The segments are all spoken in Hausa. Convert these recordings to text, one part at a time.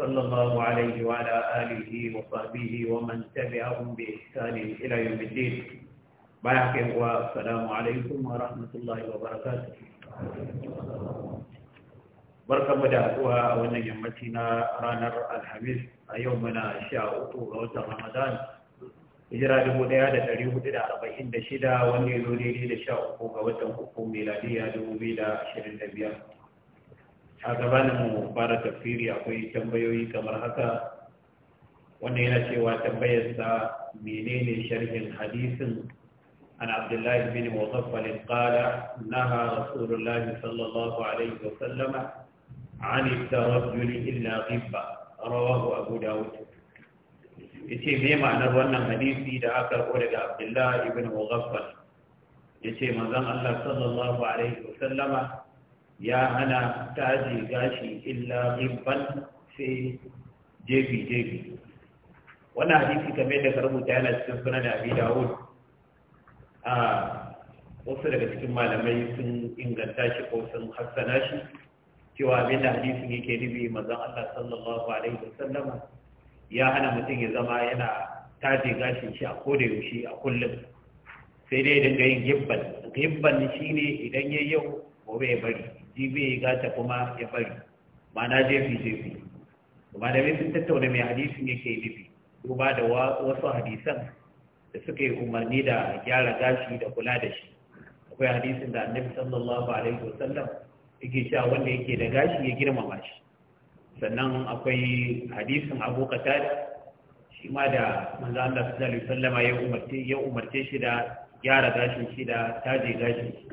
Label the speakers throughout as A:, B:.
A: صلى الله عليه وعلى آله وصحبه ومن تبعهم بإحسان إلى يوم الدين بعكم والسلام عليكم ورحمة الله وبركاته بركم دعوة ونجمتنا رانر الحميد يومنا شاء أطول رمضان إجراء المدية لتريه تدعى بحين دشدا ونيلوني لشاء أطول رمضان ميلادية دوبيدا شرين نبيان a gabanin mu fara tafsiri akwai tambayoyi kamar haka wanda yana cewa tambayarsa menene sharhin hadisin عن عبد الله بن مغفل قال نهى رسول الله صلى الله عليه وسلم illa الترجل إلا غبة رواه أبو داود yace me ma'anar wannan hadisi da aka karɓo daga Abdullah ibn Mughaffal yace manzon Allah sallallahu alaihi wa sallama. ya hana taji gashi illa ribban sai jefi jefi wannan hadisi kamar da ka rubuta yana cikin sunan abi dawud a wasu daga cikin malamai sun inganta shi ko sun hassana shi cewa abin da hadisi yake nufi manzon Allah sallallahu alaihi wasallam ya hana mutum ya zama yana taje gashi shi a koda yaushe a kullum sai dai da yin gibban gibban shine idan yayi yau gobe ya bari jibi ya gata kuma ya bari ma'ana jefi jefi kuma da sun tattauna mai hadisin yake nufi duba da wasu hadisan da suka yi umarni da gyara gashi da kula da shi akwai hadisin da annabi sallallahu alaihi wasallam yake cewa wanda yake da gashi ya girmama shi sannan akwai hadisin abu qatada shi ma da manzo Allah sallallahu alaihi wasallam ya umarce ya umarce shi da gyara gashin shi da taje gashin shi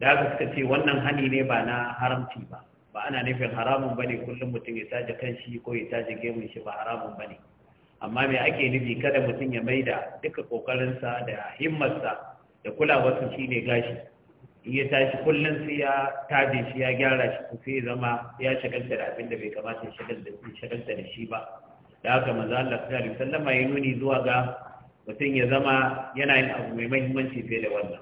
A: da haka suka ce wannan hani ne ba na haramci ba ba ana nufin haramun bane kullum mutum ya taje kanshi ko ya taje gemun shi ba haramun bane amma mai ake nufi kada mutum ya maida duka kokarinsa da himmarsa da kulawarsa shine gashi in ya tashi kullum sai ya taje shi ya gyara shi ko sai zama ya shagalta da abin da bai kamata ya shagalta da shi ba da haka manzo Allah sallallahu alaihi wasallam ya nuni zuwa ga mutum ya zama yana yin abu mai muhimmanci fiye da wannan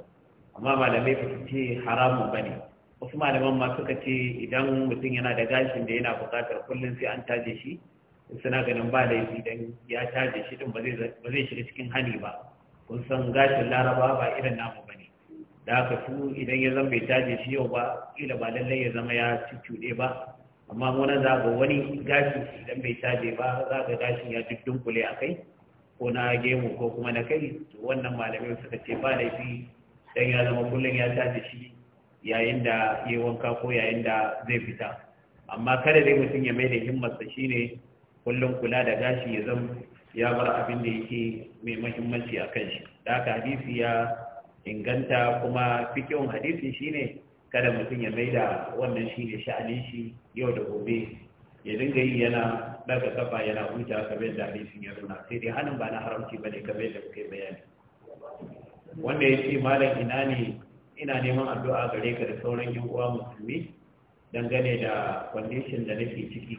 A: amma malamai ba su ce haramun ba ne wasu malaman ma suka ce idan mutum yana da gashin da yana buƙatar kullum sai an taje shi suna ganin ba laifi idan ya taje shi din ba zai shiga cikin hani ba kun san gashin laraba ba irin namu ba ne da haka su idan ya zama bai taje shi yau ba kila ba lallai ya zama ya cuɗe ba amma wani za ga wani gashi idan bai taje ba za ga gashin ya dunkule a kai ko na gemu ko kuma na kai wannan malamai suka ce ba laifi dan ya zama kullum ya tashi shi yayin da ya wanka ko yayin da zai fita amma kada dai mutum ya mai da himmarsa shine kullum kula da gashi ya zama ya bar abin da yake mai mahimmanci a kan shi da haka hadisi ya inganta kuma fikin hadisi shine kada mutum ya mai da wannan shi ne sha'anin shi yau da gobe ya dinga yi yana daga kafa yana huta kamar da hadisin ya nuna sai dai hannun ba na haramci ba ne kamar da kuke bayani wanda ya ce malam ina ne ina neman addu'a gare ka da sauran yan uwa musulmi dangane da condition da nake ciki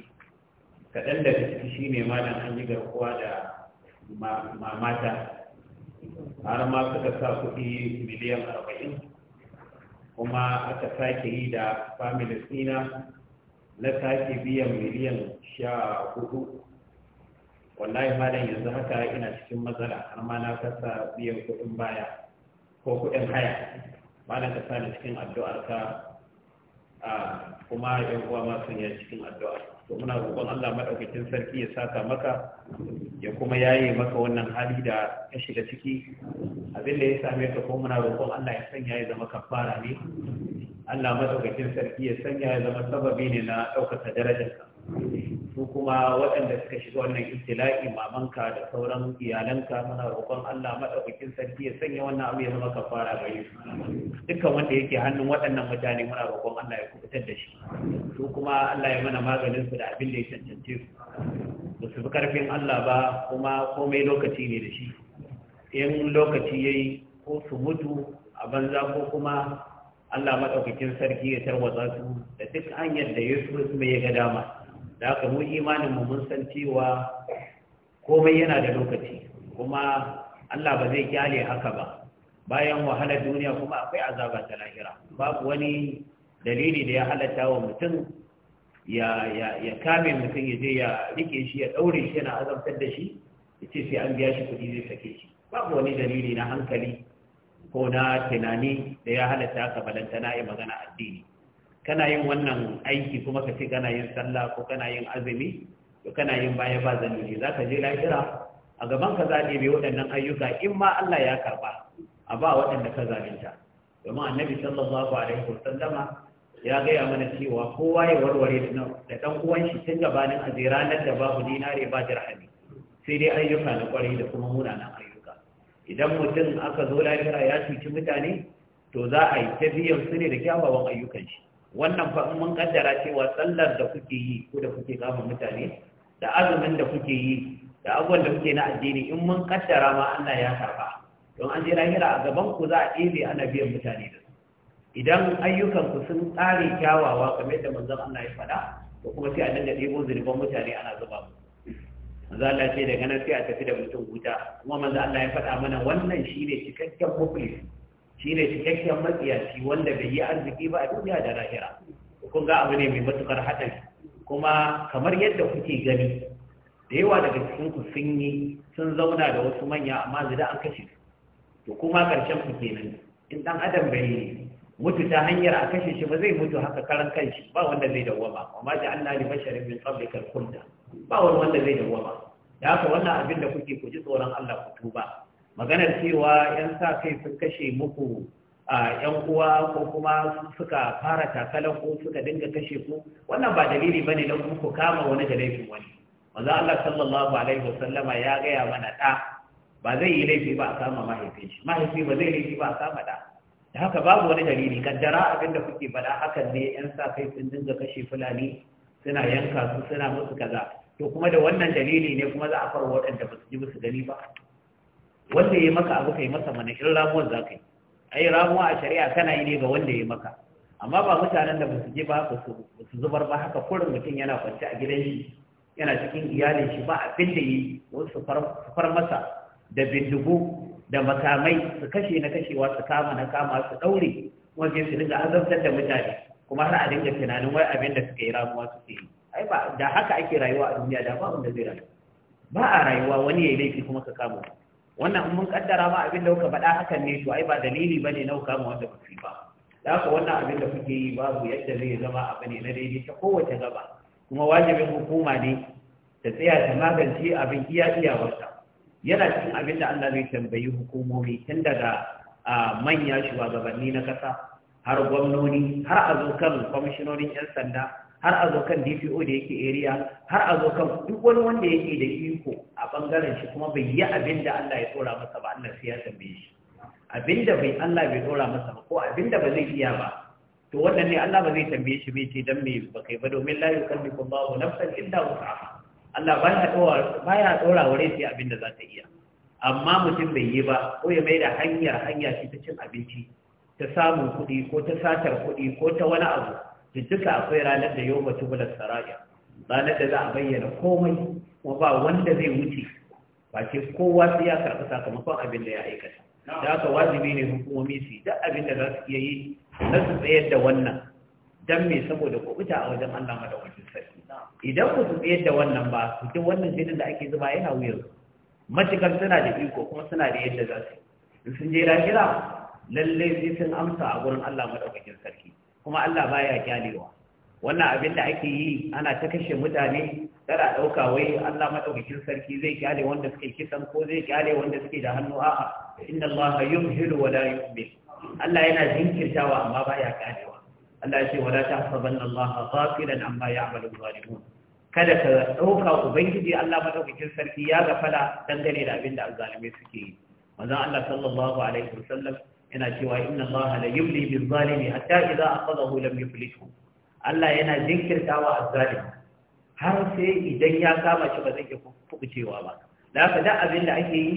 A: kaɗan daga ciki shi ne malam an yi garkuwa da mamata har ma suka sa kuɗi miliyan arba'in kuma aka sake yi da family tsina na sake biyan miliyan sha hudu wallahi malam yanzu haka ina cikin matsala har ma na kasa biyan kuɗin baya ko kuɗin haya malam ka sani cikin addu'ar ka kuma yan uwa ma sun cikin addu'a to muna roƙon Allah madaukakin sarki ya saka maka ya kuma yaye maka wannan hali da ka shiga ciki abin da ya same ka ko muna roƙon Allah ya sanya ya zama kafara ne Allah madaukakin sarki ya sanya ya zama sababi ne na ɗaukaka darajarka su kuma waɗanda suka shiga wannan ibtila'i mamanka da sauran iyalanka muna roƙon Allah madaukakin sarki ya sanya wannan abu ya zama kafara gare su dukkan wanda yake hannun waɗannan mutane muna roƙon Allah ya kubutar da shi su kuma Allah ya mana maganin su da abin da ya cancance su ba su fi karfin Allah ba kuma komai lokaci ne da shi in lokaci yayi ko su mutu a banza ko kuma Allah maɗaukakin sarki ya tarwatsa su da duk hanyar da Yesu mai ya ga dama da ka mu imanin mu mun san cewa komai yana da lokaci kuma Allah ba zai kyale haka ba bayan wahalar duniya kuma akwai azaba ta lahira babu wani dalili da ya halatta wa mutum ya ya ya kame mutum ya je ya rike shi ya daure shi yana azabtar da shi ya ce sai an biya shi kuɗi zai sake shi babu wani dalili na hankali ko na tunani da ya halatta haka balantana ya magana addini kana yin wannan aiki kuma ka ce kana yin sallah ko kana yin azumi ko kana yin baya ba zanuri za ka je lahira a gaban ka zaɓe bai waɗannan ayyuka in ma Allah ya karɓa a ba waɗanda ka zalunta domin annabi sallallahu alaihi wa sallama ya gaya mana cewa kowa ya warware da ɗan uwan shi tun gabanin a ranar da babu dinare ba dirhami sai dai ayyuka na kwarai da kuma munanan ayyuka idan mutum aka zo lahira ya cuci mutane to za a yi ta biyan su ne da kyawawan ayyukan shi wannan fa mun kaddara cewa sallar da kuke yi ko da kuke kama mutane da azumin da kuke yi da abubuwan da kuke na addini in mun kaddara ma Allah ya karba don an je lahira a gaban ku za a ɗebe ana biyan mutane da su idan ayyukan ku sun tsare kyawawa kamar yadda manzon Allah ya faɗa ko kuma sai a dinga ɗebo zunuban mutane ana zuba mu manzo Allah ce daga nan sai a tafi da mutum wuta kuma manzo Allah ya faɗa mana wannan shine cikakken muflis shi ne cikakken matsiyaci wanda bai yi arziki ba a duniya da lahira kun ga abu ne mai matukar haɗari kuma kamar yadda kuke gani da yawa daga cikin ku sun yi sun zauna da wasu manya amma zida an kashe su to kuma ƙarshen ku kenan in ɗan adam bai mutu ta hanyar a kashe shi ba zai mutu haka karan kanshi ba wanda zai dawwama amma da Allah ne basharin min ba wanda zai dawwama da haka wannan abin da kuke ku ji tsoron Allah ku tuba maganar cewa yan sa kai sun kashe muku a yan uwa ko kuma suka fara takalan ko suka dinga kashe ku wannan ba dalili bane na ku kama wani da laifin wani manzo Allah sallallahu alaihi wasallama ya gaya mana da ba zai yi laifi ba a kama mahaifin shi mahaifi ba zai laifi ba a kama da da haka babu wani dalili kaddara abin da kuke faɗa hakan ne yan sa kai sun dinga kashe fulani suna yanka su suna musu kaza to kuma da wannan dalili ne kuma za a faru waɗanda ba su ji musu gani ba wanda ya yi maka abu kai masa mana in ramuwar za ka yi ai ramuwa a shari'a kana yi ne ga wanda ya yi maka amma ba mutanen da basu su je ba haka su zubar ba haka kurin mutum yana kwance a gidan shi yana cikin iyalin shi ba abin da yi wasu far masa da bindigu da makamai su kashe na kashewa su kama na kama su daure wajen su dinga azabtar da mutane kuma har a dinga tunanin wai abin da suka yi ramuwa su yi ai ba da haka ake rayuwa a duniya da ba wanda zai rayu ba a rayuwa wani ya yi laifi kuma ka kama wannan mun kaddara ba abin da kuka faɗa hakan ne to ai ba dalili bane na kuka ma wanda kuka ba da haka wannan abin da kuke yi babu yadda zai zama abu ne na daidai ta kowace gaba kuma wajibin hukuma ne ta tsaya ta magance abin iya iyawarsa yana cikin abin da Allah zai tambayi hukumomi tun daga manya shugabanni na kasa har gwamnoni har a zo kan kwamishinonin 'yan sanda har a zo kan DPO da yake area har a zo kan duk wani wanda yake da iko a bangaren shi kuma bai yi abin da Allah ya tsora masa ba Allah sai ya tambaye shi abin da bai Allah bai tsora masa ba ko abin da ba zai iya ba to wannan ne Allah ba zai tambaye shi bai ce dan me ba kai ba domin la yukallifu Allahu nafsan illa wus'aha Allah baya tsora baya tsora wa rai sai abin da za ta iya amma mutum bai yi ba ko ya mai da hanyar hanya ce ta cin abinci ta samun kuɗi ko ta satar kuɗi ko ta wani abu duk duka akwai ranar da yau batu bulan saraya ranar da za a bayyana komai kuma ba wanda zai wuce ba ce kowa sai ya karɓi sakamakon abin da ya aikata da aka wajibi ne hukumomi su yi duk abin da za su iya yi na su tsayar da wannan dan me saboda kubuta a wajen Allah wajen sarki idan ku su tsayar da wannan ba su ji wannan jinin da ake zuba yana wuyar matukar suna da iko kuma suna da yadda za su in sun je ra'ira lalle sai sun amsa a gurin Allah madaukakin sarki kuma Allah baya kyalewa wannan abin da ake yi ana ta kashe mutane tara ɗauka wai Allah maɗaukakin sarki zai kyale wanda suke kisan ko zai kyale wanda suke da hannu a'a inna Allah yumhilu wa la yumbil Allah yana jinkirtawa amma baya kyalewa Allah ya wala tahsabanna Allah ghafilan amma ya'malu zalimun kada ka ɗauka ubangiji Allah madaukakin sarki ya gafala dangane da abin da azzalumai suke yi manzon Allah sallallahu alaihi wasallam yana cewa inna Allah la yumli bil zalimi hatta idza aqadahu lam yuflithu Allah yana jinkirtawa zalim har sai idan ya kama shi ba zai iya fukucewa ba da haka da abin da ake yi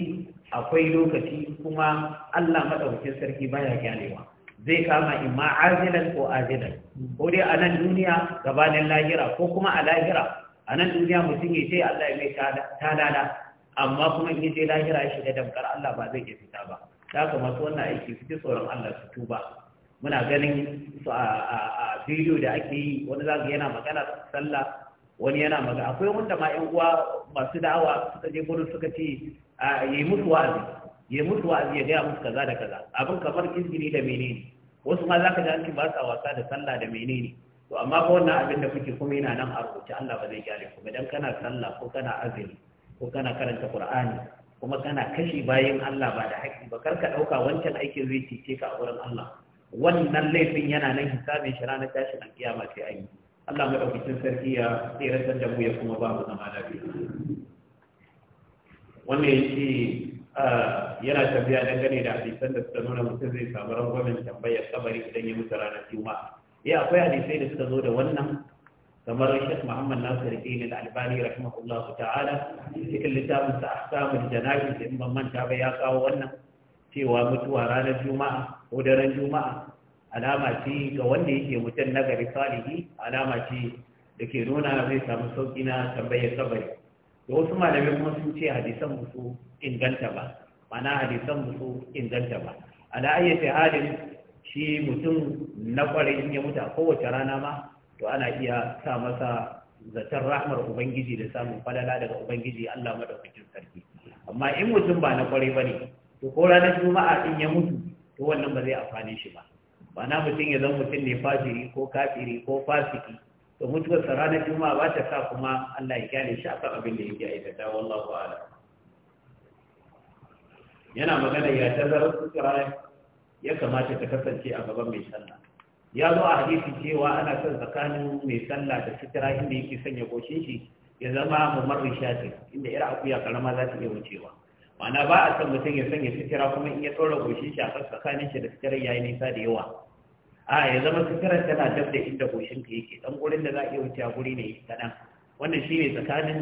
A: akwai lokaci kuma Allah madaukakin sarki baya gyalewa zai kama imma azilan ko azilan ko dai a nan duniya gabanin lahira ko kuma a lahira a nan duniya mutum ya ce Allah ya mai talala amma kuma in je lahira ya shiga damkar Allah ba zai iya fita ba da kamata wannan aiki su ji tsoron Allah su tuba muna ganin su a bidiyo da ake yi wani zaga yana magana sallah wani yana magana akwai wanda ma yan uwa masu da'awa suka je gurin suka ce yi musu wa'azi yi musu wa'azi ya gaya musu kaza da kaza abin kamar izini da menene wasu ma zaka ji an ce ba sa wasa da sallah da menene to amma ba wannan abin da kuke kuma yana nan a rubuce Allah ba zai gyara ku idan kana sallah ko kana azumi ko kana karanta Qur'ani kuma kana kashi bayan Allah ba da haƙƙi ba karka ɗauka wancan aikin zai cece ka a wurin Allah wannan laifin yana nan hisabin shi ranar tashin alƙiyama sai an Allah Allah madaukakin sarki ya tseratar da mu ya kuma ba mu zama lafiya wannan ya ce yana tambaya dangane da hadisan da suka nuna mutum zai samu rangwamen tambayar kabari idan ya mutu ranar juma'a ya eh, akwai hadisai da suka zo da wannan kamar Sheikh Muhammad Nasir Ibn Al-Albani rahimahullahu ta'ala cikin littafin sa Ahkamul Janabi in ban manta ba ya kawo wannan cewa mutuwa ranar Juma'a ko daren Juma'a alama ce ga wanda yake mutum nagari salihi alama ce da ke nuna zai samu sauki na tambayar kabari da wasu malamai kuma sun ce hadisan musu inganta ba mana hadisan musu inganta ba ala ayyati halin shi mutum na kwarai ya mutu a kowace rana ma to ana iya sa masa zaton rahmar ubangiji da samun falala daga ubangiji Allah madaukakin sarki amma in mutum ba na kwarai bane to ko ranar juma'a din ya mutu to wannan ba zai amfane shi ba ba na mutum ya zama mutum ne fajiri ko kafiri ko fasiki to mutuwar sa ranar juma'a ba ta sa kuma Allah ya kyale shi akan abin da yake aikata wallahu a'lam yana magana ya tazarar ya kamata ta kasance a gaban mai sallah ya zo a hadisi cewa ana son tsakanin mai sallah da sitira inda yake sanya goshin shi ya zama mumarri shafi inda ira akuya karama za ta iya wucewa ma'ana ba a son mutum ya sanya sitira kuma in ya tsora goshin shi a kan tsakanin shi da sitirar yayi nisa da yawa a ya zama sitirar tana dab da inda goshin ka yake dan gurin da za a iya wucewa guri ne kaɗan wannan shi ne tsakanin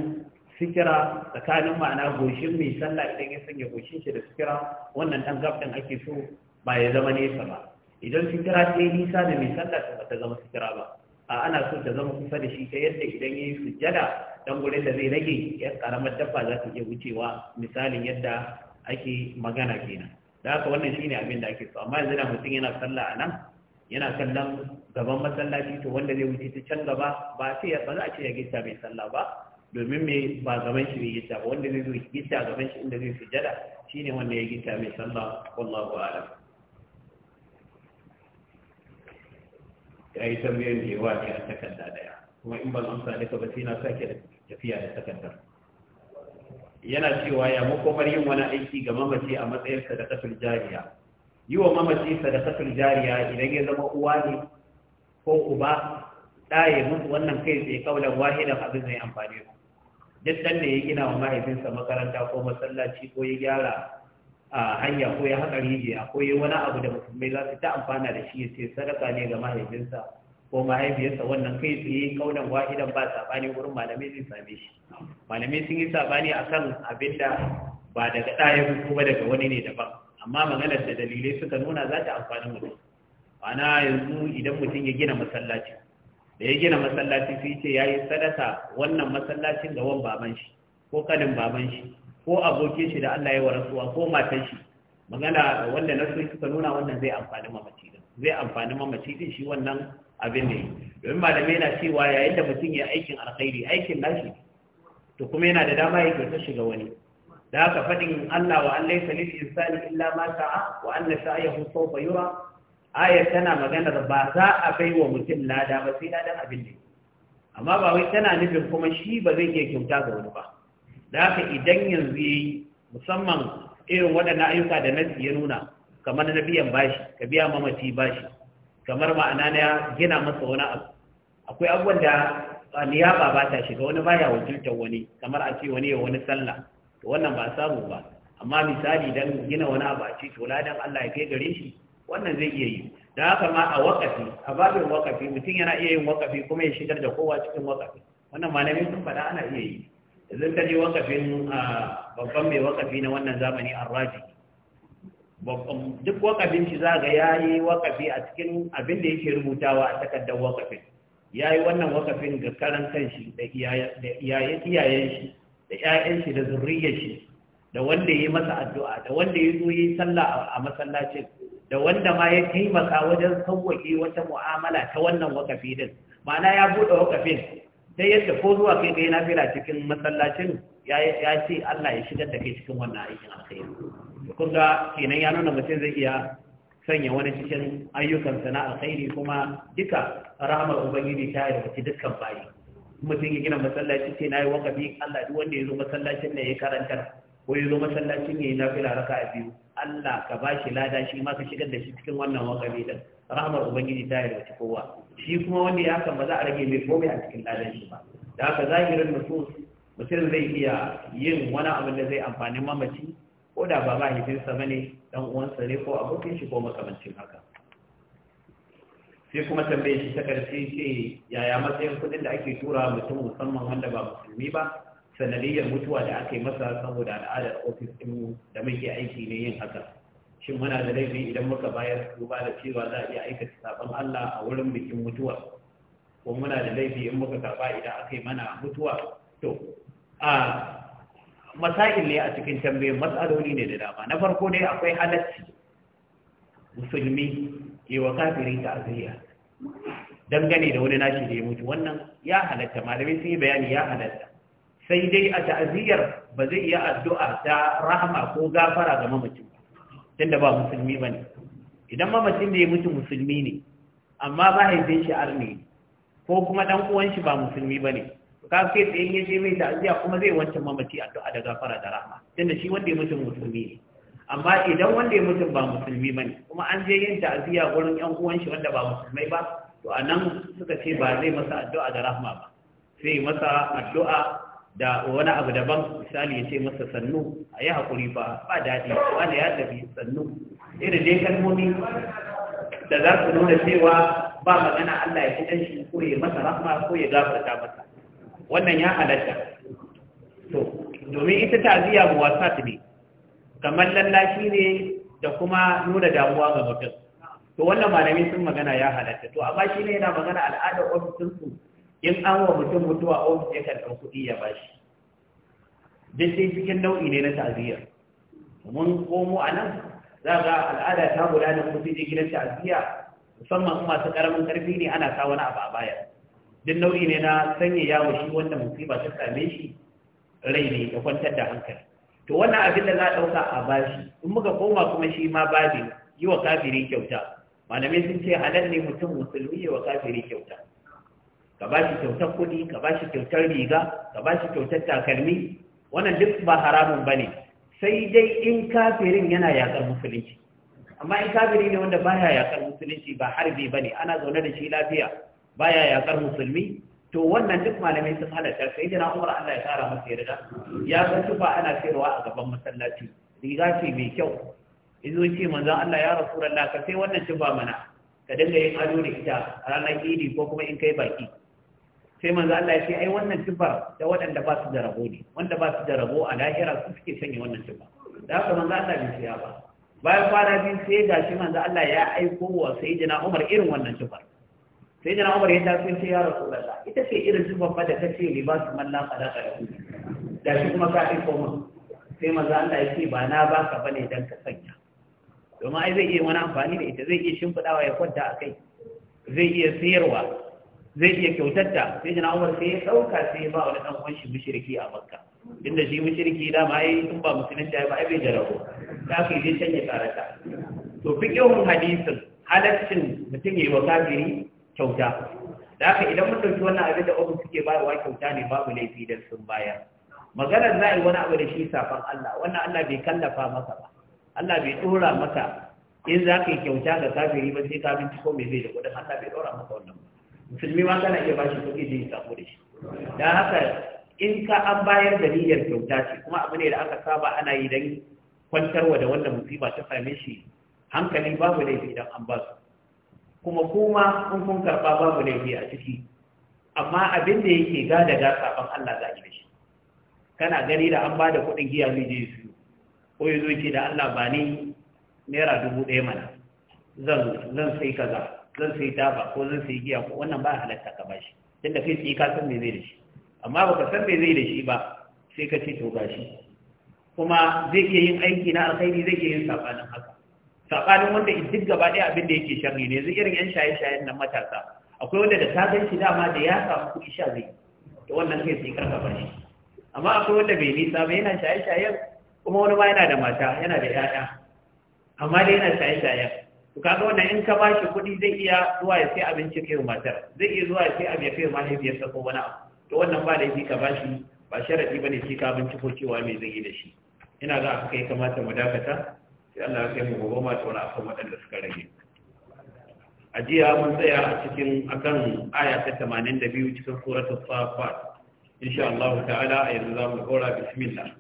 A: sitira tsakanin ma'ana goshin mai sallah idan ya sanya goshin shi da sitira wannan dan gab ake so ba ya zama nesa ba idan kira ta yi nisa da mai sallah ta bata zama kira ba a ana so ta zama kusa da shi ta yadda idan ya yi sujjada dan gurin da zai rage ya karamar dabba za ta iya wucewa misalin yadda ake magana kenan da aka wannan shine abin da ake so amma yanzu da mutum yana sallah a nan yana kallon gaban masallaci to wanda zai wuce ta can gaba ba ya ba za a ce ya gita mai sallah ba domin me ba gaban shi ne gita ba wanda zai zo gita gaban shi inda zai sujjada shine wanda ya gita mai sallah wallahu a'lam ya yi tambayoyin da yawa ne a takarda daya kuma in ban amsa ka ba sai na sake tafiya da takardar yana cewa ya makomar yin wani aiki ga mamaci a matsayin sadakatul jariya yi wa mamaci sadakatul jariya idan ya zama uwa ne ko uba ɗaya mutu wannan kai tsaye kaulan wahidan abin zai amfani duk ɗan da ya gina wa mahaifinsa makaranta ko masallaci ko ya gyara a hanya ko ya haƙa rijiya ko wani abu da musulmai za su ta amfana da shi sai sadaka ne ga mahaifinsa ko mahaifiyarsa wannan kai tsaye kaunan wahidan ba saɓani wurin malamai sun same shi malamai sun yi saɓani kan abin da ba daga ɗaya ko ba daga wani ne daban amma maganar da dalilai suka nuna za ta amfani mutum ma'ana yanzu idan mutum ya gina masallaci da ya gina masallaci sai ce ya yi sadaka wannan masallacin ga wan baban shi ko kanin baban shi ko abokin shi da Allah ya warasuwa ko matan shi magana wanda na sun suka nuna wannan zai amfani mamaci din zai amfani mamaci din shi wannan abin ne domin malamai na cewa yayin da mutum ya aikin alkhairi aikin nashi to kuma yana da dama ya kyauta shiga wani da haka faɗin Allah wa Allah ya salil insani illa ma sa'a wa anna sa'ayahu sawfa yura ayat tana maganar ba za a bai wa mutum lada ba sai ladan abin ne amma ba wai tana nufin kuma shi ba zai iya kyauta ga wani ba da haka idan yanzu yi, musamman irin waɗannan ayyuka da na ya nuna kamar na biyan bashi ka biya mamaci bashi kamar ma'ana na gina masa wani abu akwai abubuwan da niyaba ba ta shiga wani baya wakiltar wani kamar a ce wani ya wani sallah to wannan ba samu ba amma misali dan gina wani abu a ce to ladan Allah ya kai gare shi wannan zai iya yi da haka ma a wakafi a babin wakafi mutum yana iya yin wakafi kuma ya shigar da kowa cikin wakafi wannan na sun faɗa ana iya yi yanzu ka je wakafin babban mai wakafi na wannan zamani a raji duk wakafin shi za ga ya yi wakafi a cikin abin da yake rubutawa a takardar wakafin ya yi wannan wakafin ga karan shi, da iyayen shi da 'ya'yan shi da zurriyar shi da wanda yi masa addu'a da wanda ya zo yi sallah a masallacin da wanda ma ya taimaka wajen sauwaƙe wata mu'amala ta wannan wakafi din ma'ana ya buɗe wakafin Sai yadda ko zuwa kai kai na fira cikin masallacin ya ce Allah ya shigar da kai cikin wannan aikin alkhairi kun ga kenan ya nuna mutum zai iya sanya wani cikin ayyukansa na alkhairi kuma duka rahamar ubangiji ta yi wace dukkan bayi mutum ya gina masallaci ce na yi wakafi Allah duk wanda ya zo masallacin da ya karanta ko ya zo masallacin ya yi nafila raka a biyu Allah ka ba shi lada shi ma ka shigar da shi cikin wannan wakafi din rahmar ubangiji ta yarda kowa shi kuma wanda ya san ba za a rage mai komai a cikin ladan shi ba da haka zahirin nusus mutum zai iya yin wani abin da zai amfani mamaci ko da ba mahaifinsa ne dan uwansa ne ko abokin shi ko makamancin haka sai kuma tambaye shi ta karshe ce yaya matsayin kuɗin da ake tura mutum musamman wanda ba musulmi ba sanadiyyar mutuwa da aka yi masa saboda al'adar ofis ɗin da muke aiki ne yin haka shin muna da laifi idan muka bayar duba da cewa za a iya aikata sabon Allah a wurin bikin mutuwa ko muna da laifi in muka karba idan aka yi mana mutuwa to a masail ne a cikin tambayin matsaloli ne da dama na farko dai akwai halacci musulmi yi wa kafirin dangane da wani nashi da ya mutu wannan ya halatta malamai sun yi bayani ya halatta sai dai a ta'aziyar ba zai iya addu'a ta rahama ko gafara ga mamacin tunda ba musulmi bane idan mamacin da ya mutu musulmi ne amma mahaifin shi arni ko kuma dan uwan shi ba musulmi bane ka sai tsayin ya je mai ta'aziya kuma zai wancan mamaci addu'a da gafara da rahma tunda shi wanda ya mutu musulmi ne amma idan wanda ya mutu ba musulmi bane kuma an je yin ta'aziya wurin yan uwan shi wanda ba musulmai ba to a nan suka ce ba zai masa addu'a da rahma ba sai masa addu'a da wani abu daban misali ya ce masa sannu a yi haƙuri ba ba daɗi ba da ya tafi sannu irin dai kalmomi da za su nuna cewa ba magana Allah ya kiɗan shi ko ya masa rahma ko ya gafarta masa wannan ya halatta to domin ita ta wasa ta ne kamar lallashi ne da kuma nuna damuwa ga mutum to wannan malami sun magana ya halatta to amma shi ne yana magana al'adar ofisinsu in an wa mutum mutuwa ofis ya karɓar kuɗi ya bashi duk sai cikin nau'i ne na ta'aziyya mun komo a nan za ga al'ada ta gudanar kuɗi sai gidan ta'aziyya musamman in masu ƙaramin ƙarfi ne ana sa wani abu a baya duk nau'i ne na sanya yawo shi wanda musiba ta same shi rai ne ya kwantar da hankali to wannan abin da za a ɗauka a bashi in muka koma kuma shi ma babin yi wa kafiri kyauta malamai sun ce halal ne mutum musulmi yi wa kafiri kyauta ka ba shi kyautar kuɗi ka ba shi kyautar riga ka ba shi kyautar takalmi wannan duk ba haramun ba sai dai in kafirin yana yaƙar musulunci amma in kafiri ne wanda baya yakar musulunci ba harbi ba ne ana zaune da shi lafiya baya yaƙar musulmi to wannan duk malamai sun ta sai jira umar Allah ya kara masa yarda ya san tufa ana sayarwa a gaban masallaci riga ce mai kyau izo ce manzon Allah ya rasu ka sai wannan tufa mana ka dinga yin ado da ita a ranar idi ko kuma in kai baki sai manzo Allah ya ce ai wannan tufa da waɗanda ba su da rabo ne wanda ba su da rabo a lahira su suke sanya wannan tufa da haka manzo Allah bai siya ba bayan kwana biyu sai ga shi manzo Allah ya aiko wa sayyidina Umar irin wannan tufar sayyidina Umar ya sun ce ya rasulullah ita ce irin tufar fa da kace libas man la khalaqa lahu da shi kuma ka aiko mun sai manzo Allah ya ce ba na ka bane dan ka sanya domin ai zai iya wani amfani da ita zai iya shimfidawa ya kwanta a kai zai iya sayarwa zai iya da sai jina umar sai ya ɗauka sai ya ba wani ɗan uwan shi mushriki a makka inda shi mushriki da ma yi tun ba musulunci ai ba ai bai jarabo ta kai zai canje tsarata to fiqhun hadisin halaccin mutum yayi wa kafiri kyauta da haka idan mun dauki wannan abin da ofis suke wa kyauta ne babu laifi da sun bayar maganar za a yi wani abu da shi safan Allah wannan Allah bai kallafa maka ba Allah bai dora maka in za ka yi kyauta ga kafiri ba sai ka binciko mai zai da kuɗin Allah bai dora maka wannan ba musulmi ma kana iya bashi kuɗi zai ya samu da shi da haka in ka an bayar da niyyar kyauta ce kuma abu ne da aka saba ana yi don kwantarwa da wannan musiba ta same shi hankali babu laifi idan an ba su kuma kuma in kun karɓa babu laifi a ciki amma abin da yake gada ga saban Allah za ki da shi kana gani da an ba da kuɗin giya zai je su ko ya zo da Allah ba ni naira dubu ɗaya mana zan sai kaza zan sai taba ko zan sai giya ko wannan ba halatta ka bashi tunda kai sai ka san me zai da shi amma baka san me zai da shi ba sai ka ce to shi. kuma zai iya yin aiki na alkhairi zai iya yin sabanin haka sabanin wanda duk gaba ɗaya abin da yake sharri ne zai irin yan shaye-shayen nan matasa akwai wanda da ta gan shi dama da ya samu kuɗi sha zai to wannan kai sai karka shi amma akwai wanda bai nisa ba yana shaye-shayen kuma wani ma yana da mata yana da 'ya'ya amma dai yana shaye-shayen to kaga wannan in ka bashi kuɗi zai iya zuwa ya sai abinci kai wa matar zai iya zuwa ya sai abin ya kai wa mahaifiyarsa ko wani abu to wannan ba laifi ka bashi ba sharadi bane shi ka abinci ko cewa me zai yi da shi ina ga aka kai kamata mu dakata sai Allah ya kai mu gobe ma tsora akan waɗanda suka rage a jiya mun tsaya a cikin akan aya ta 82 cikin suratul safat insha Allah ta'ala a yanzu za mu gora bismillah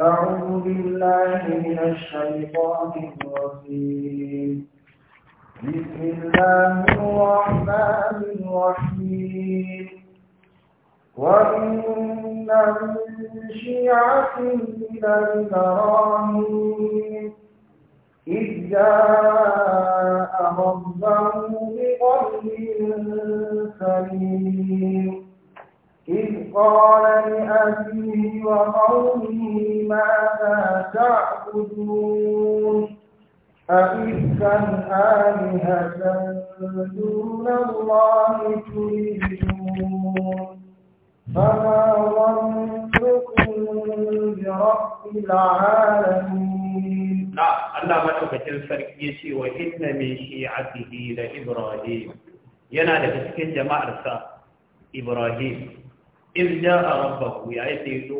B: أعوذ بالله من الشيطان الرجيم بسم الله الرحمن الرحيم وإن من شيعته لإبراهيم إذ جاء ربه بقلب سليم إذ قال لأبيه وقومه ماذا تعبدون أئفكاً آلهة دون الله تريدون فما ظنكم برب العالمين
A: لا الله ما تفتل فرقيسي وإن من شيعته لإبراهيم ينال بسكن جماعة إبراهيم إذ جاء ربه يا إيدي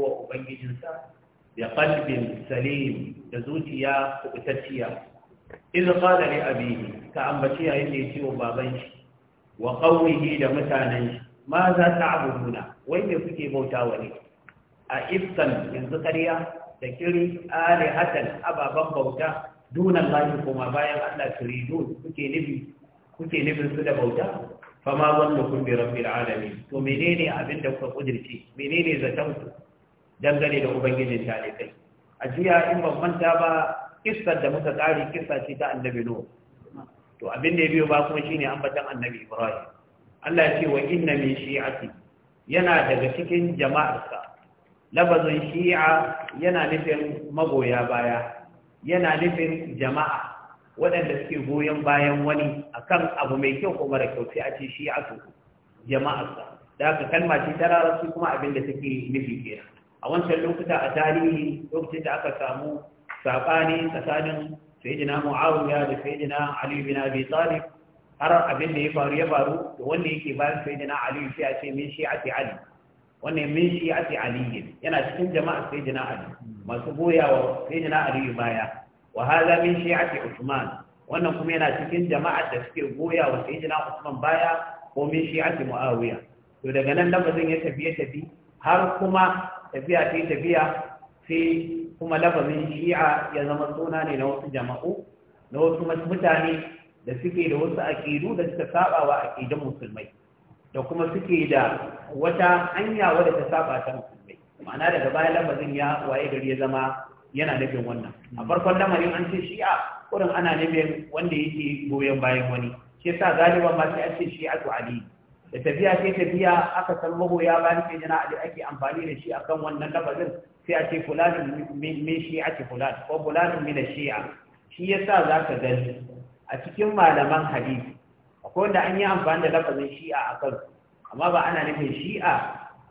A: بقلب سليم يزوجي يا idan kada ne abi ka ambaci yayin da yake wa baban shi wa qawmihi da mutanen shi ma za ta abuduna wai me kuke bautawa ne a ifkan yanzu karya da kiri hatan ababan bauta dunan lahi kuma bayan Allah turidun kuke nufinsu kuke nufin su da bauta fa ma kun bi rabbil alamin to menene abin da kuka kudirce menene zaton ku dangane da ubangijin talibai a jiya in ban manta ba kissar da muka tsari kissa ce ta annabi nuhu to abin da ya biyo ba kuma shine ambatan annabi ibrahim Allah ya ce wa inna min shi'ati yana daga cikin jama'arsa labazin shi'a yana nufin magoya baya yana nufin jama'a waɗanda suke goyon bayan wani akan abu mai kyau ko mara kyau sai a ce su jama'arsa da aka kalma ce ta rarrasu kuma abin da take nufi kenan a wancan lokuta a tarihi lokacin da aka samu saɓani tsakanin sayyidina muawiya da sayyidina ali bin abi talib har abin da ya faru ya faru da wanda yake bayan sayyidina ali sai a ce min shi'ati ali wannan min shi'ati ali yana cikin jama'a sayyidina ali masu goyawa sayyidina ali baya wa hadha min shi'ati usman wannan kuma yana cikin jama'a da suke goya wa sayyidina usman baya ko min shi'ati muawiya to daga nan lafazin ya tafi ya tafi har kuma tafiya ta tafiya sai kuma lafazin shi'a ya zama suna ne na wasu jama'u na wasu mutane da suke da wasu aƙidu da suka saba wa aƙidan musulmai da kuma suke da wata hanya wadda ta saba ta musulmai ma'ana daga baya lafazin ya waye gari ya zama yana nufin wannan a farkon lamarin an ce shi'a kurin ana nufin wanda yake goyon bayan wani shi sa galiban ma sai an ce shi'a to ali da tafiya sai tafiya aka san magoya bayan ke jana ali ake amfani da shi akan wannan lafazin sai a ce fulanin min shi'a ce Fulani? ko Fulani min shi'a shi yasa za ka gani a cikin malaman hadisi akwai wanda an yi amfani da lafazin shi'a a kan amma ba ana nufin shi'a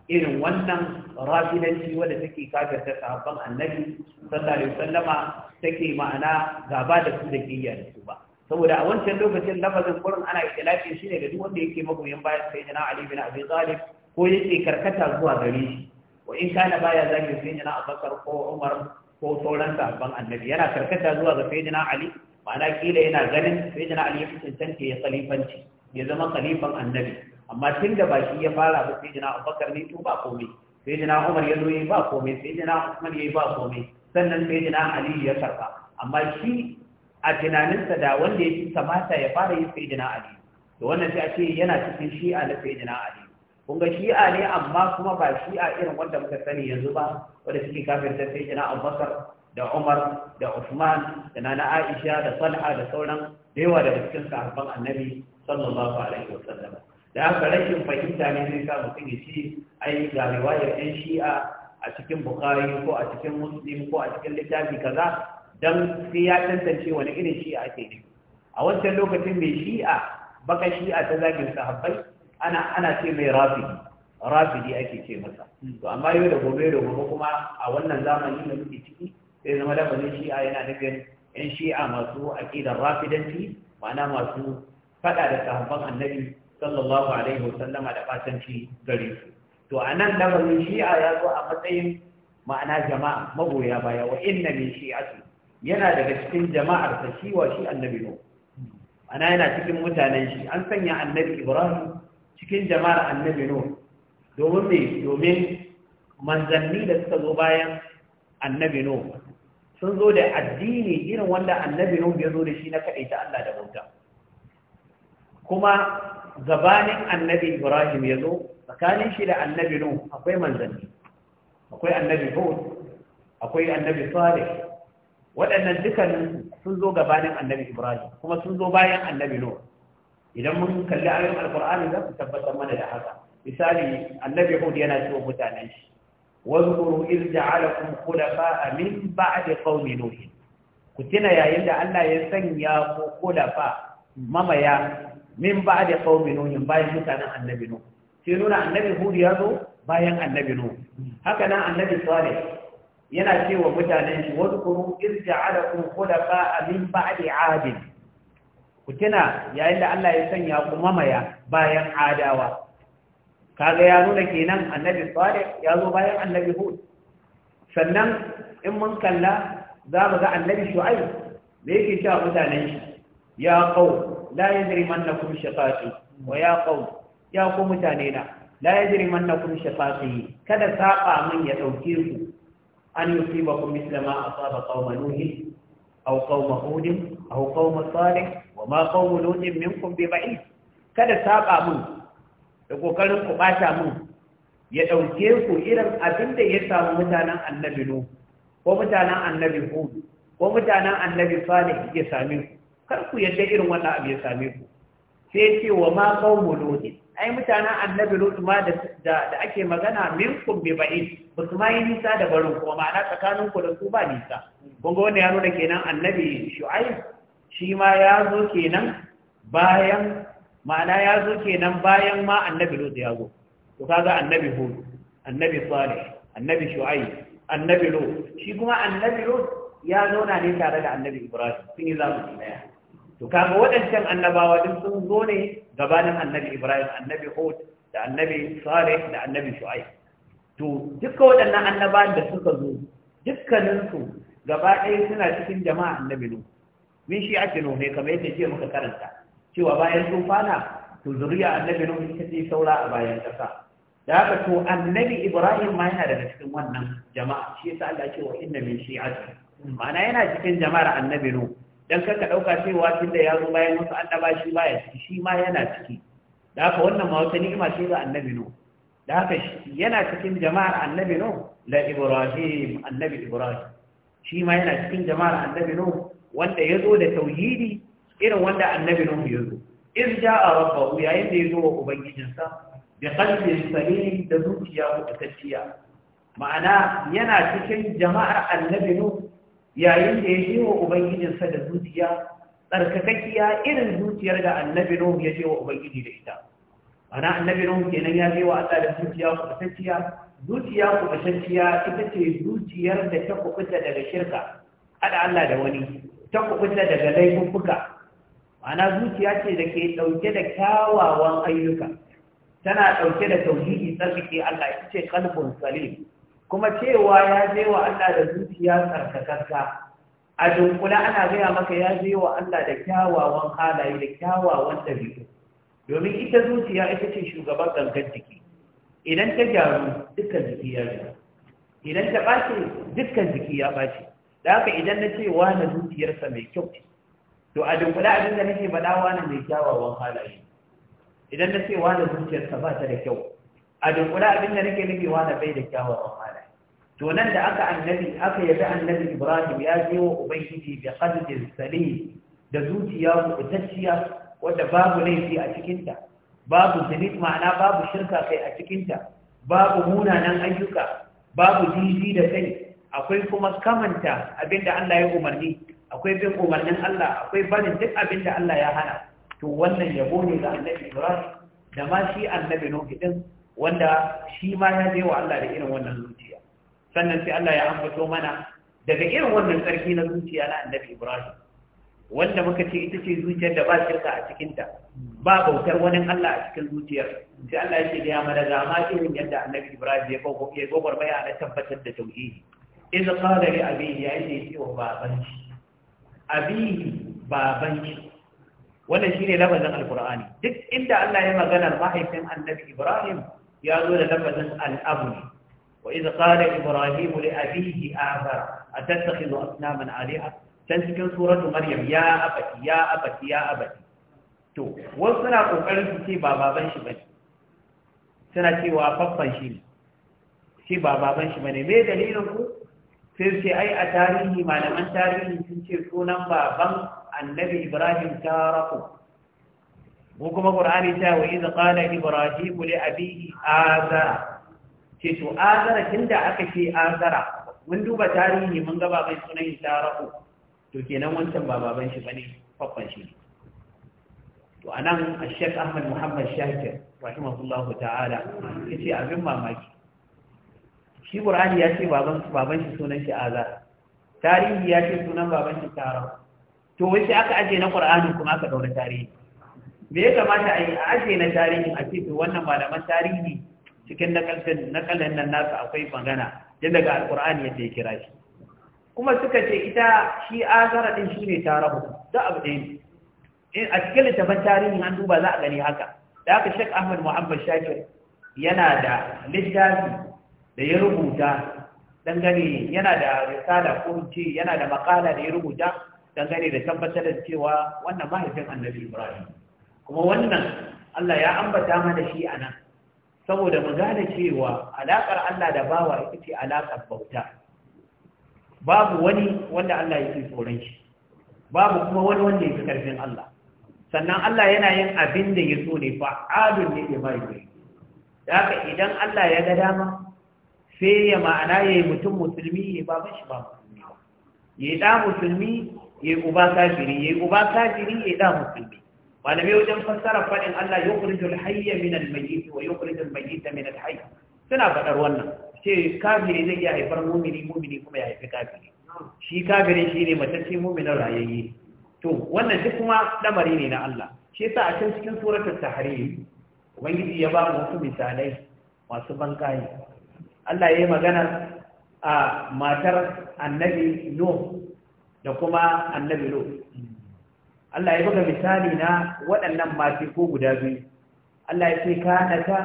A: irin wannan rafinanci wadda take kafir ta sahabban annabi sallallahu alaihi wasallama take ma'ana gaba da su da kiyya da su ba saboda a wancan lokacin lafazin gurin ana ikhtilafin shi ne da duk wanda yake magoyan bayan sayyidina ali bin abi talib ko yake karkata zuwa gare shi wa in kana baya zagin sayyidina Abubakar ko Umar ko sauran sahabban annabi yana karkata zuwa ga sayyidina Ali ma'ana kila yana ganin sayyidina Ali ya cancanta ya khalifanci ya zama khalifan annabi amma tun da baki ya fara ba sayyidina Abubakar ne to ba komai sayyidina Umar ya zo yi ba komai sayyidina Usman ya yi ba komai sannan sayyidina Ali ya karba amma shi a tunaninsa da wanda ya kamata ya fara yin sayyidina Ali to wannan sai a ce yana cikin shi'a na sayyidina Ali kun shi'a ne amma kuma ba shi'a irin wanda muka sani yanzu ba wanda suke kafirta sai na abubakar da umar da usman da nana aisha da salha da sauran da yawa daga cikin sahabban annabi sallallahu alaihi wasallam da haka rashin fahimta ne zai sa mutum ya ci ai ga riwayar ɗan shi'a a cikin bukhari ko a cikin muslim ko a cikin littafi kaza dan sai ya tantance wani irin shi'a ake ne a wancan lokacin mai shi'a baka shi'a ta zagin sahabbai ana ana ce mai rafidi rafidi ake ce masa to amma yau da gobe da gobe kuma a wannan zamani da muke ciki sai zama shi shi'a yana nufin yan shi'a masu aqidar rafidanci ma'ana masu faɗa da sahabban annabi sallallahu alaihi wa da fatanci gare su to a nan lamarin shi'a ya zo a matsayin ma'ana jama'a magoya baya wa inna min shi'ati yana daga cikin jama'ar ta shi wa shi annabi no ana yana cikin mutanen shi an sanya annabi ibrahim cikin jama'ar annabi nuhu domin me domin manzanni da suka zo bayan annabi nuhu sun zo da addini irin wanda annabi nuhu ya zo da shi na kaɗai ta Allah da bauta kuma gabanin annabi Ibrahim ya zo tsakanin shi da annabi nuhu akwai manzanni akwai annabi Hud akwai annabi Salih waɗannan dukkanin sun zo gabanin annabi Ibrahim kuma sun zo bayan annabi nuhu idan mun kalli ayoyin alqur'ani za ku tabbatar mana da haka misali annabi hud yana cewa mutanen shi wazkuru iz ja'alakum khulafa'a min ba'di qaumi nuh ku tuna yayin da Allah ya sanya ku khulafa mamaya min ba'di qaumi nuh bayan mutanen annabi nuh sai nuna annabi hud ya zo bayan annabi nuh haka nan annabi salih yana cewa mutanen shi wadkuru iz ja'alakum khulafa'a min ba'di 'ad ku yayin da Allah ya sanya ku mamaya bayan adawa kaga ya nuna kenan annabi salih ya zo bayan annabi hud sannan in mun kalla za mu ga annabi shu'aib da yake cewa mutanen shi ya qaum la yajrimannakum shaqati wa ya qaum ya ku mutane na la yajrimannakum shaqati kada saba min ya dauke ku an yusibakum misla ma asaba qaum nuh aw qaum hud aw qaum salih wa ma qawmu lutin minkum bi ba'id kada saba mun da kokarin ku bata mun ya dauke ku irin abin da ya samu mutanen annabi nu ko mutanen annabi hud ko mutanen annabi salih ya same ku kar ku yadda irin wannan abu ya same ku sai ce wa ma qawmu lutin ai mutanen annabi lutu ma da ake magana minkum bi ba'id ba su ma yi nisa da barin ko ma'ana tsakaninku da su ba nisa kun ga wanda ya nuna kenan annabi shu'aib shi ma ya zo kenan bayan ma'ana ya zo kenan bayan ma annabi lut ya zo to kaga annabi hud annabi salih annabi shu'aib annabi Lo. shi kuma annabi lut ya zauna ne tare da annabi ibrahim sun yi zamu daya to kaga waɗancan annabawa din sun zo ne gabanin annabi ibrahim annabi hud da annabi salih da annabi shu'aib to dukkan waɗannan annabawan da suka zo dukkaninsu gaba ɗaya suna cikin jama'a annabi Lo. min shi ake nuhu kamar yadda ce muka karanta cewa bayan sun fana, to zuriya annabi nuhu ita ce saura a bayan kasa da haka to annabi ibrahim ma yana daga cikin wannan jama'a shi yasa Allah ce wa inna min shi'ati ma'ana yana cikin jama'ar annabi nuhu dan kanka dauka cewa tunda ya zo bayan wasu annaba shi baya ciki shi ma yana ciki da haka wannan ma wata ni'ima ce ga annabi nuhu da haka yana cikin jama'ar annabi nuhu la ibrahim annabi ibrahim shi ma yana cikin jama'ar annabi nuhu wanda ya zo da tauhidi irin wanda annabi nuhu ya zo in ja a rabbahu yayin da ya zo wa ubangijinsa da kalbin salim da zuciya mutakacciya ma'ana yana cikin jama'ar annabi nuhu yayin da ya je wa ubangijinsa da zuciya tsarkakakkiya irin zuciyar da annabi nuhu ya je wa ubangiji da ita ma'ana annabi nuhu kenan ya je wa Allah da zuciya mutakacciya zuciya kubutacciya ita ce zuciyar da ta kubuta daga shirka hada Allah da wani ta kubuta daga laifuffuka ana zuciya ce da ke ɗauke da kyawawan ayyuka tana ɗauke da tauhidi tsarkake Allah ita ce kalbun salim kuma cewa ya je wa Allah da zuciya tsarkakakka a dunkula ana gaya maka ya je wa Allah da kyawawan halaye da kyawawan ɗabi'u domin ita zuciya ita ce shugaban gangan jiki idan ta gyaru dukkan jiki ya gyaru idan ta ɓace dukkan jiki ya ɓace da haka idan na ce wa na dukiyarsa mai kyau to a dunkula abin da nake faɗa wani mai kyawawan halaye idan na ce wa na dukiyarsa ba ta da kyau a dunkula abin da nake nufi wani bai da kyawawan halaye to nan da aka annabi aka yabi annabi ibrahim ya je wa ubangiji bi qadrin salim da zuciya kubutacciya wadda babu laifi a cikinta babu zinit ma'ana babu shirka kai a cikinta babu munanan ayyuka babu jiji da kai akwai kuma kamanta abinda Allah ya umarni akwai bin umarnin Allah akwai barin duk abinda Allah ya hana to wannan yabo ne ga annabi Ibrahim da ma shi annabi Nuhu din wanda shi ma ya je wa Allah da irin wannan zuciya sannan sai Allah ya ambato mana daga irin wannan tsarki na zuciya na annabi Ibrahim wanda muka ce ita ce zuciyar da ba shirka a cikinta ba bautar wani Allah a cikin zuciyar sai Allah ya ce da ya madaga ma irin yadda annabi Ibrahim ya gwagwarmaya na tabbatar da tauhidi iza qala li abihi yayin da yake wa babanci abihi babanci wannan shine lafazin alqur'ani duk inda Allah ya magana mahaifin annabi Ibrahim ya zo da lafazin al'abu ne. wa iza qala ibrahim li abihi azar atattakhidhu asnaman Aliha. can cikin suratu maryam ya abati ya abati ya abati to wasu suna kokarin su ce ba baban shi bane suna cewa faffan shi ne shi ba baban shi bane me dalilin ku sai sai ai a tarihi malaman tarihi sun ce sunan baban annabi ibrahim taraku ko kuma qur'ani ta wa idza qala ibrahim li abihi azara ce to azara tunda aka ce azara mun duba tarihi mun ga baban sunan taraku to kenan wancan ba baban shi bane faffan shi to anan ash-shaykh ahmad muhammad shakir rahimahullahu ta'ala yace abin mamaki shi qur'ani ya ce baban baban shi sunan shi azar tarihi ya ce sunan baban shi tara to wai sai aka aje na qur'anin kuma aka daura tarihi me ya kamata a yi a aje na tarihi a ce to wannan malaman tarihi cikin nakalin nan nasu akwai magana din daga alqur'ani yadda ya kira shi kuma suka ce ita shi azara din ne tarahu da abu buɗe in a cikin littafin tarihin an duba za a gani haka da aka shek Ahmad Muhammad Shakir yana da littafi da ya rubuta dangane yana da risala ko ce yana da makala da ya rubuta dangane da tabbatar da cewa wannan mahaifin annabi Ibrahim kuma wannan Allah ya ambata mana shi anan saboda mu gane cewa alakar Allah da bawa ita ce alakar bauta babu wani wanda Allah yake tsoron shi babu kuma wani wanda yake karfin Allah sannan Allah yana yin abin da ya so ne fa'adun ne da bai da haka idan Allah ya ga dama sai ya ma'ana ya yi mutum musulmi ya ba mashi ba musulmi ya yi ɗa musulmi ya yi uba kafiri ya yi uba kafiri ya yi ɗa musulmi malamai wajen fassara faɗin Allah ya kurji alhayya min almayyit wa ya kurji almayyit min alhayy suna faɗar wannan ce kafiri zai iya haifar mumini mumini kuma ya haifi kafiri shi kafiri shine matacce muminin rayayye to wannan duk kuma lamari ne na Allah shi yasa a cikin suratul tahrim ubangiji ya ba mu wasu misalai masu bankaye Allah ya yi magana a matar annabi no da kuma annabi no Allah ya buga misali na waɗannan mafi ko guda biyu Allah ya ce kana ta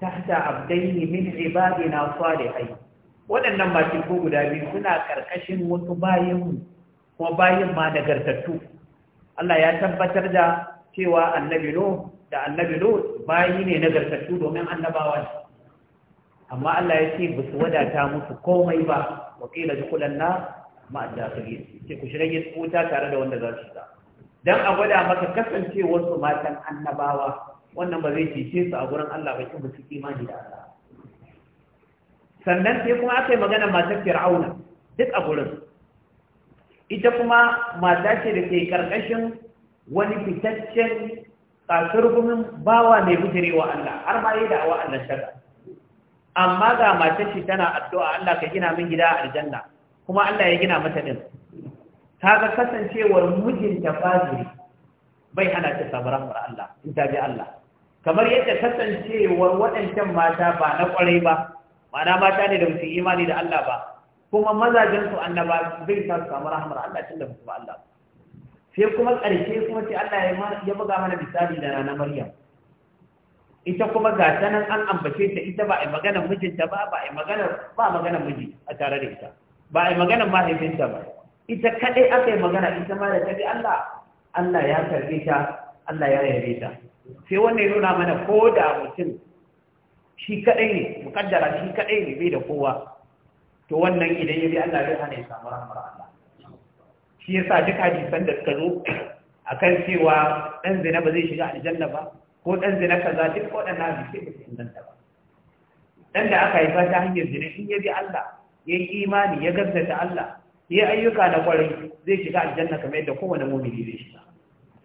A: tahta abdaini min ibadina salihai waɗannan mafi ko guda biyu suna ƙarƙashin wasu bayanmu, kuma bayin ma nagartattu Allah ya tabbatar da cewa annabi no da annabi no bayi ne nagartattu domin annabawa ne amma Allah ya ce ba su wadata musu komai ba wa kila ma na ma'adakali ce ku shirage wuta tare da wanda za su shiga dan a gwada maka kasancewar su matan annabawa wannan ba zai cece su a gurin Allah ba kuma su imani da Allah sannan sai kuma aka yi magana matar fir'auna duk a gurin ita kuma mata ce da ke karkashin wani fitaccen kasar gumin bawa mai bijirewa Allah har ma yi da'awa Allah shaka amma ga matar shi tana addu'a Allah ka gina min gida a aljanna kuma Allah ya gina mata din kaga kasancewar mijinta faziri bai hana ta sabaran wa Allah in ta bi Allah kamar yadda kasancewar waɗancan mata ba na ƙwarai ba ma'ana mata ne da musu imani da Allah ba kuma mazajen su annaba zai ta samu rahmar Allah tun da musu ba Allah sai kuma ƙarshe kuma sai Allah ya buga mana misali da na Maryam ita kuma ga ta nan an ambace ta ita ba a maganar mijinta ba ba a maganar ba maganar miji a tare da ita ba a maganar mahaifinta ba ita kadai aka yi magana ita ma da kadai Allah Allah ya karbe ta Allah ya yabe ta sai wannan nuna mana ko da mutum shi kadai ne mukaddara shi kadai ne bai da kowa to wannan idan ya bi Allah zai hana ya samu rahmar Allah shi yasa duka hadisan da suka zo akan cewa dan zina ba zai shiga aljanna ba ko ɗan zina kaza duk waɗannan abin sai ba inganta ba ɗan da aka haifa ta hanyar zina in ya bi Allah ya yi imani ya gaskata Allah ya ayyuka na kwarai zai shiga aljanna kamar yadda kowane mumini zai shiga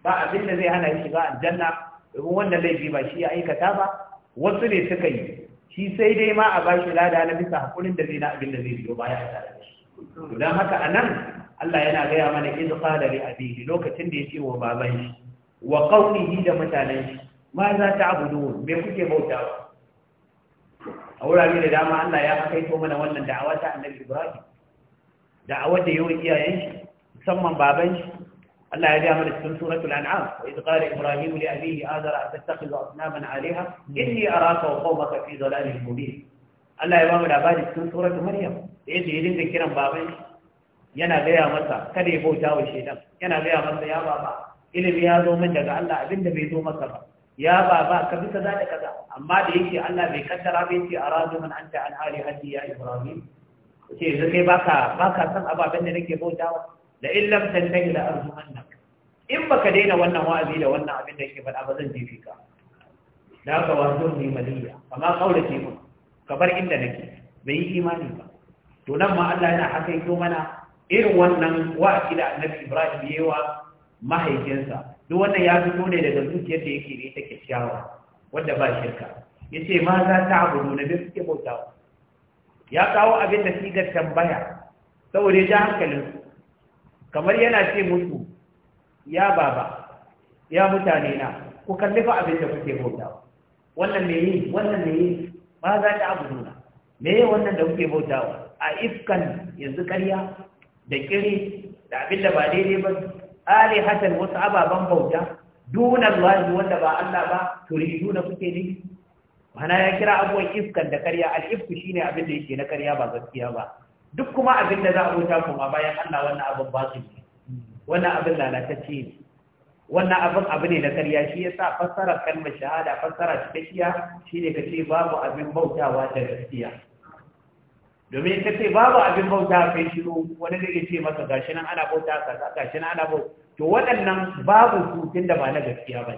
A: ba abin da zai hana shiga aljanna domin wannan laifi ba shi ya aikata ba wasu ne suka yi shi sai dai ma a bashi lada na bisa hakurin da zai na abin da zai biyo baya a tare da shi don haka a nan Allah yana gaya mana iz qala li abihi lokacin da ya ce wa baban shi wa qawlihi da mutanen shi ma za ta abudu me kuke bautawa a wurare da dama Allah ya kaito mana wannan da'awa ta annabi Ibrahim da'awar da yawan iyayen shi musamman baban shi Allah ya ga mana cikin suratul an'am wa idh qala ibrahim li abihi azara atattakhidhu asnaman alaha inni araka wa qawmaka fi dhalalin mubin Allah ya ba mu labari cikin suratul maryam da yace ya dinga kiran baban shi yana gaya masa kada ya bauta wa shedan yana gaya masa ya baba ilimi ya zo min daga Allah abinda bai zo masa ba ya baba ka bi kaza da kaza amma da yake Allah bai kaddara bai ce aradu man anta an ali hadi ya ibrahim ce yanzu kai baka baka san ababen da nake bautawa la illam tantahi la arjumannak in baka daina wannan wa'azi da wannan abin da yake faɗa ba zan jefe ka da haka wazo ne maliya amma kaulace mun ka bar inda nake bai yi imani ba to nan ma Allah yana haka yake mana irin wannan wa'azi da Annabi Ibrahim yayi wa mahaifinsa duk wannan ya fito ne daga zuciyar da yake da ita kyakkyawa wanda ba shirka ya ce ma za ta abu na bin suke bauta ya kawo abin da sigar tambaya saboda ya hankalin kamar yana ce musu ya baba ya mutane na ku kalli fa abin da kuke bauta wannan me yi wannan me yi ma za ta abu nuna me yi wannan da kuke bauta a ifkan yanzu karya da kiri da abin da ba daidai ba alihatan wasu ababen bauta dunan lahi wanda ba Allah ba turidu na kuke ne mana ya kira abuwan iskan da karya al'ifku shi ne abin da yake na karya ba gaskiya ba duk kuma abin da za a bauta kuma bayan Allah wannan abin ba su ne wannan abin lalatacce ne wannan abin abu ne na karya shi ya yasa fassara kalmar shahada fassara cikakkiya shine kace babu abin bautawa da gaskiya domin ka ce babu abin bauta kai shiru wani zai ce masa gashi nan ana bauta kaza gashi nan ana bauta to waɗannan babu su tunda ba na gaskiya ba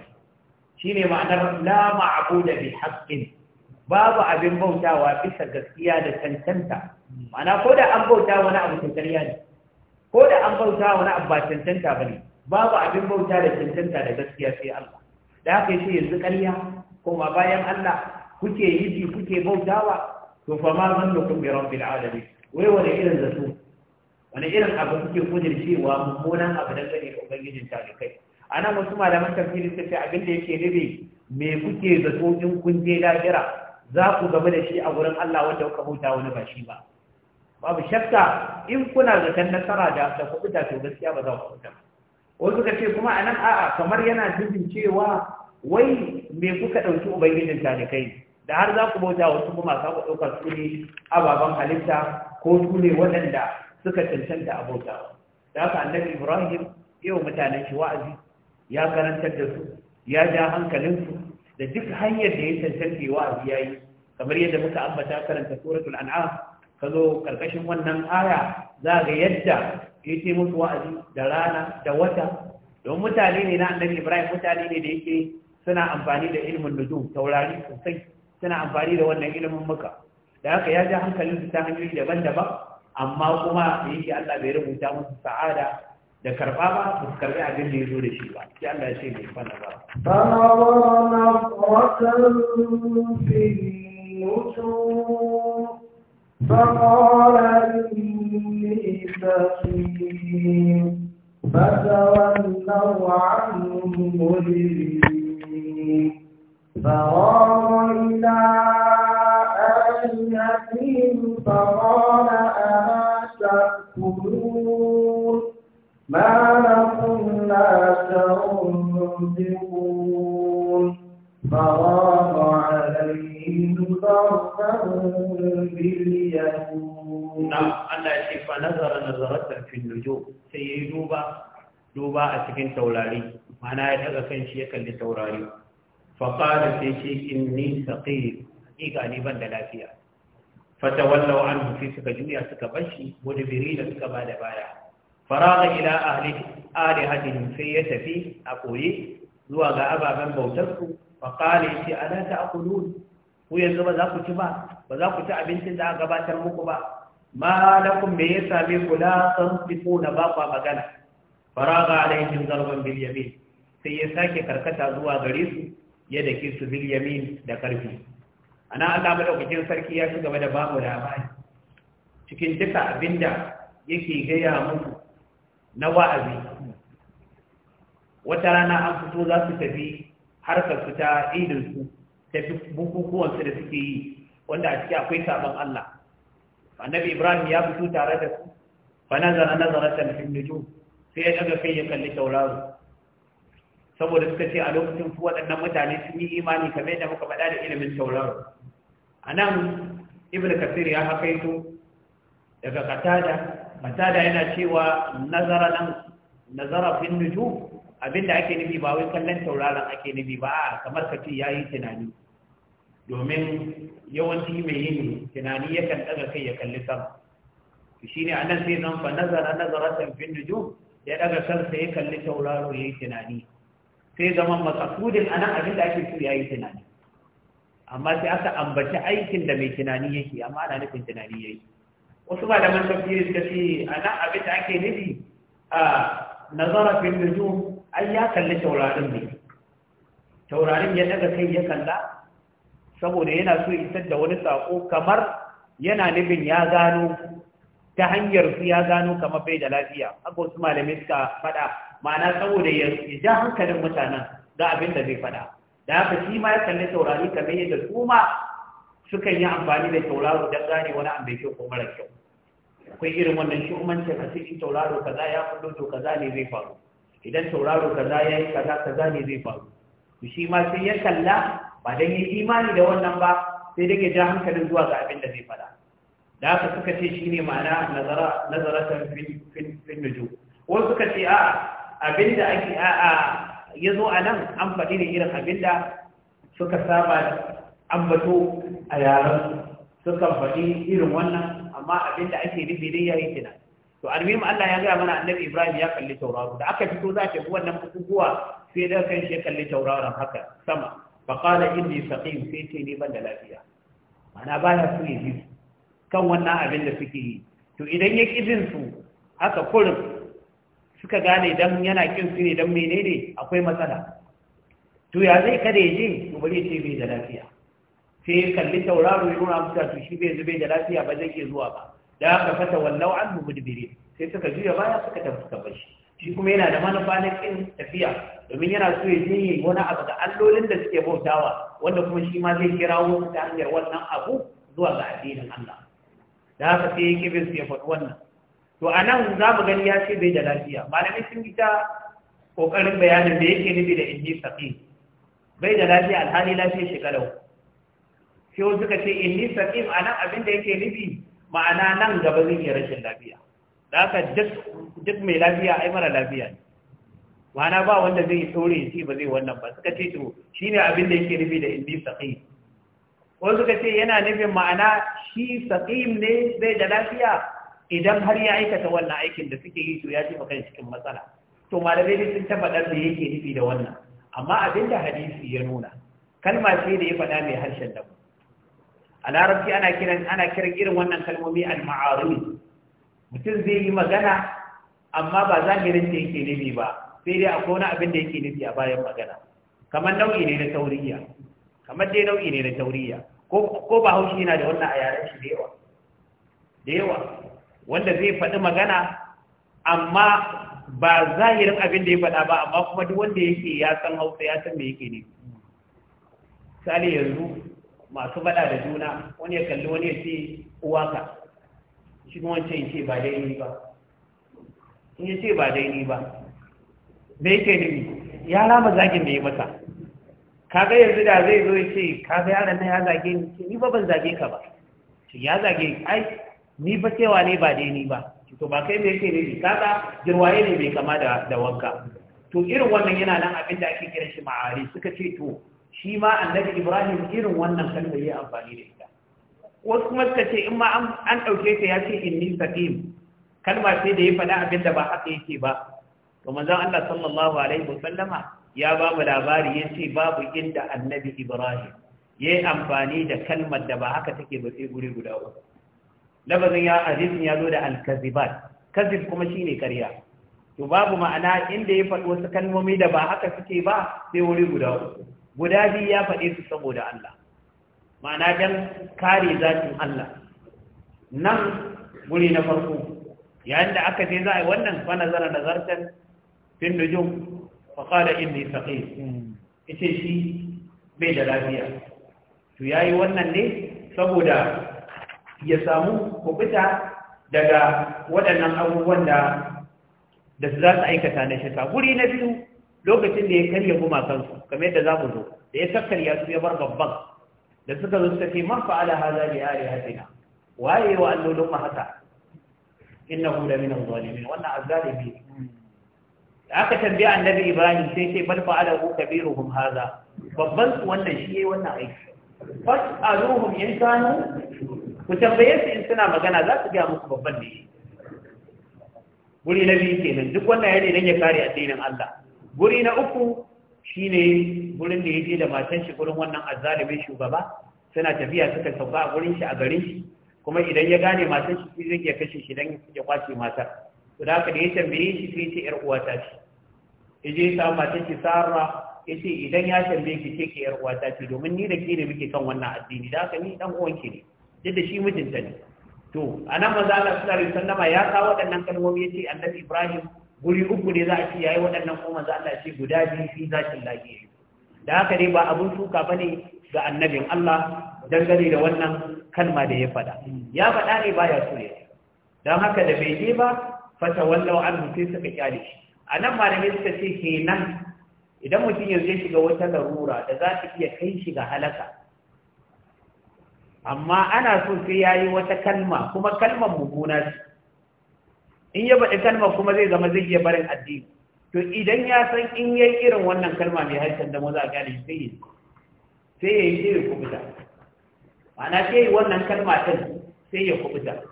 A: shine ma'anar la ma'budu bi haqqin babu abin bautawa bisa gaskiya da cancanta ma'ana ko da an bauta wani abu cancariya ne ko da an bauta wani abu ba cancanta ba ne babu abin bauta da cancanta da gaskiya sai Allah da haka yace yanzu ƙarya kuma bayan Allah kuke yi kuke bautawa to fa ma zannukum bi rabbil alamin wai wani irin zato wani irin abu kuke kudin cewa mummunan abu da gani ga ubangijin talibai a nan wasu malaman tafsiri suka ce abin da yake me kuke zato in kun je lahira za ku gaba da shi a gurin Allah wanda kuka huta wani ba shi ba babu shakka in kuna zaton nasara da da kuɗuta to gaskiya ba za ku wasu suka ce kuma a nan a'a kamar yana jibin cewa wai me kuka ɗauki ubangijin kai? da har za ku bauta wasu kuma sa ku ɗaukar su ne ababen halitta ko su ne waɗanda suka cancanta a bauta da haka annabi ibrahim yau mutanen shi wa'azi ya karantar da su ya ja hankalinsu da duk hanyar da ya cancanta wa'azi ya yi kamar yadda muka ambata karanta suratul an'am ka zo karkashin wannan aya za ga yadda ya ce musu wa'azi da rana da wata don mutane ne na annabi ibrahim mutane ne da yake suna amfani da ilimin nujum taurari sosai suna amfani da wannan ilimin muka da haka ya ji hankalin su ta hanyoyi daban-daban amma kuma da yake Allah bai rubuta musu sa'ada da karba ba su karɓi abin da ya zo da shi ba sai Allah ya ce mai fana ba
B: فَنَظَرَ نَظْرَةً فِي النُّجُومِ فَقَالَ إِنِّي فراغ إلى آلهتهم فقال ألا تأكلون ما لكم لا تنطقون فراغ عليهم ضربا باليمين نعم
A: الله يشفى نظر نظرة في النجوم سيدوبا دوبا أتكن تولاري معناه يتغفن شيئا لتولاري faƙada sai ce in ni saƙi ne ban da lafiya fata wallawa an hufi suka juya suka bashi mudubiri da suka ba da baya faraga ila ahli hadin sai ya tafi a koye zuwa ga ababen bautarsu ya ce ana ta akulun ku yanzu ba za ku ci ba ba za ku ci abincin da aka gabatar muku ba ma me ya same ku la tantifuna ba kwa magana faraga alaihim zarban Biliyamin, sai ya sake karkata zuwa gare su yadda ke su bil yamin da karfi ana Allah madaukakin sarki ya shiga da babu labari cikin duka abinda yake gaya muku na wa'azi wata rana an fito za su tafi harkar su ta idin su tafi bukukuwan su da suke yi wanda a ciki akwai sabon Allah annabi Ibrahim ya fito tare da su fa nazara nazaratan fil nujum sai ya daga kai ya kalli tauraro saboda suka ce a lokacin su waɗannan mutane sun yi imani kamar yadda muka faɗa da ilimin tauraro a nan ibn kasir ya hakaito daga katada katada yana cewa nazara nan nazara fin nuju abinda ake nufi ba wai kallon tauraron ake nufi ba a kamar ka ce yi tunani domin yawanci mai yin tunani yakan ɗaga kai ya kalli sama a nan sai zan fa nazara nazaratan fin nuju ya ɗaga kansa ya kalli tauraro ya yi tunani sai zaman makasudin ana abin da ake so ya yi tunani amma sai aka ambaci aikin da mai tunani yake amma ana nufin tunani ya wasu ba da man tafiyar suka a abin da ake nufi a nazara fil nujum ai ya kalli taurarin ne taurarin ya daga kai ya kalla saboda yana so isar da wani sako kamar yana nufin ya gano ta hanyar su ya gano kamar bai da lafiya haka wasu malamai suka faɗa ma'ana saboda ya ja hankalin mutanen ga abin da zai faɗa da haka shi ma ya kalli taurari kamar yadda su ma sukan yi amfani da tauraro don gane wani an kyau ko mara kyau akwai irin wannan shi'umancin a cikin tauraro kaza ya fito to kaza ne zai faru idan tauraro kaza ya yi kaza kaza ne zai faru to shi ma sai ya kalla ba dan yi imani da wannan ba sai dai ya ja hankalin zuwa ga abin da zai faɗa da aka suka ce shi ne ma'ana nazaratan fin nuju wasu suka ce a abinda ake a a ya zo a nan an faɗi ne irin abinda suka saba bato a yaren suka faɗi irin wannan amma abinda ake nufi ne ya yi kina to almihim Allah ya gaya mana annabi Ibrahim ya kalli tauraro da aka fito za ta bi wannan bukukuwa sai da kan shi kalli tauraron haka sama fa qala inni saqim sai ce ne ban da lafiya Ma'ana baya so ya bi kan wannan abin da suke yi to idan ya ƙi su haka kurin suka gane dan yana kin su ne dan menene akwai matsala to ya zai kada ya je bari ce bai da lafiya sai ya kalli tauraro ya nuna musu to shi bai zube da lafiya ba zai ke zuwa ba da aka fata wallau an mudbiri sai suka juya baya suka tafi suka shi shi kuma yana da manufa na kin tafiya domin yana so ya je yi wani abu ga allolin da suke bautawa wanda kuma shi ma zai kirawo ta hanyar wannan abu zuwa ga addinin Allah da aka sai yake bin ya faɗi wannan to a nan za mu gani ya ce bai da lafiya malamai sun yi ta ƙoƙarin bayanin da yake nufi da inji saƙi bai da lafiya alhali lafiya shekalau sai wasu suka ce inji saƙi a nan abin da yake nufi ma'ana nan gaba zai iya rashin lafiya da aka duk mai lafiya ai mara lafiya ne ma'ana ba wanda zai yi saurayi shi ba zai wannan ba suka ce to shine abin da yake nufi da inji saƙi wani suka ce yana nufin ma'ana shi saƙim ne zai da lafiya idan har ya aikata wannan aikin da suke yi to ya ce kai cikin matsala to malamai ne sun ɗan da yake nufi da wannan amma abin da hadisi ya nuna kalma ce da ya faɗa mai harshen damu a larabci ana kiran ana kiran irin wannan kalmomi al-ma'arif mutum zai yi magana amma ba zahirin da yake nufi ba sai dai akwai wani abin da yake nufi a bayan magana kamar nau'i ne na tauriya kamar dai nau'i ne na tauriya ko ba haushi yana da wannan a yaren shi da yawa da yawa wanda zai faɗi magana amma ba zahirin abin da ya faɗa ba amma kuma duk wanda yake ya san hausa ya san me yake ne sali yanzu masu faɗa da juna wani ya kalli wani ya ce uwaka shi kuma wancan ya ce ba daidai ba in ya ce ba daidai ba me yake nufi ya rama zagin da ya masa kaga yanzu da zai zo ya ce kaga yaron na ya zage ni ce ni ba ban zage ka ba ce ya zage ai ni ba cewa ne ba dai ni ba to ba kai mai ce ne bi kaga girwaye ne bai kama da da wanka to irin wannan yana nan abin da ake kira shi ma'ari suka ce to shi ma annabi Ibrahim irin wannan kalma yayi amfani da ita wasu kuma suka ce in ma an dauke ta ya ce inni saqim kalma sai da ya faɗa abin da ba haka yake ba to manzon Allah sallallahu alaihi wasallama ya ba mu labari ya ce babu inda annabi ibrahim ya yi amfani da kalmar da ba haka take ba sai guri guda uku labarin ya aziz ya zo da alkazibat kazib kuma shi ne karya to babu ma'ana inda ya faɗi wasu kalmomi da ba haka suke ba sai wuri guda uku guda biyu ya faɗe su saboda Allah ma'ana dan kare zafin Allah nan guri na farko yayin da aka je za a yi wannan fa nazara nazartan fin nujum fa qala inni saqim yace shi bai da lafiya to yayi wannan ne saboda ya samu kubuta daga waɗannan abubuwan da da su za su aikata na shirka guri na biyu lokacin da ya karya gumakansu kamar yadda za mu zo da ya takkarya su ya bar babban da suka zo suka ce man fa'ala hadha bi alihatina waye wa allolin ma haka innahu la min adh-dhalimin wannan azzalimi da aka tambaye annabi ibrahim sai ce bal fa'alahu kabiruhum hadha babban su wannan shi yayi wannan aiki aluhum in kanu ku tambaye su in suna magana za su ga muku babban ne guri na biyu kenan duk wannan yana nan ya kare addinin Allah guri na uku shine gurin da yake da matan shi gurin wannan azzalimin shugaba suna tafiya suka sauka a gurin shi a garin shi kuma idan ya gane matan shi zai iya kashe shi dan ya kwace matar to da haka da ya tambaye shi sai ce yar uwa ta ce yaje ya samu matar ki Sarah yace idan ya tambaye ki ce ki yar ta ce domin ni da ke ne muke kan wannan addini da haka ni dan uwan ki ne duk da shi mijinta ne to anan manzo Allah sallallahu alaihi wasallama ya sa waɗannan kalmomi yace annabi Ibrahim guri uku ne za a ya yayi waɗannan kuma manzo Allah ce guda biyu fi zakin lahi da haka ne ba abun suka bane ga annabin Allah dangane da wannan kalma da ya faɗa ya faɗa ne baya so ya don haka da bai je ba fata wallau an mutai suka kyale shi a nan malamai suka ce kenan idan mutum yanzu ya shiga wata larura da za ta iya kai shi ga halaka amma ana so sai ya yi wata kalma kuma kalmar muguna ce in ya baɗi kalma kuma zai zama zai iya barin addini to idan ya san in ya yi irin wannan kalma mai haifar da maza a gane sai yi sai ya yi sai ya kubuta ma'ana sai ya yi wannan kalma ta sai ya kubuta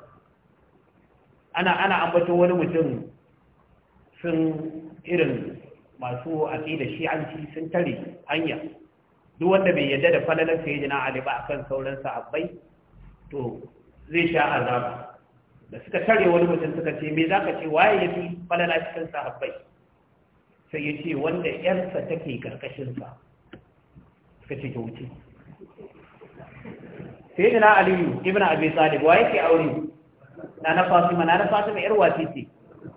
A: ana ana ambaton wani mutum sun irin masu aƙida shi'anci sun tare hanya duk wanda bai yadda da falalar jina Ali ba akan sauran sahabbai to zai sha azaba da suka tare wani mutum suka ce me zaka ce waye yafi falala cikin sahabbai sai ya ce wanda yarsa take karkashin sa suka ce ki wuce jina Ali ibn Abi Talib waye ke aure na na Fatima na na Fatima yar wace ce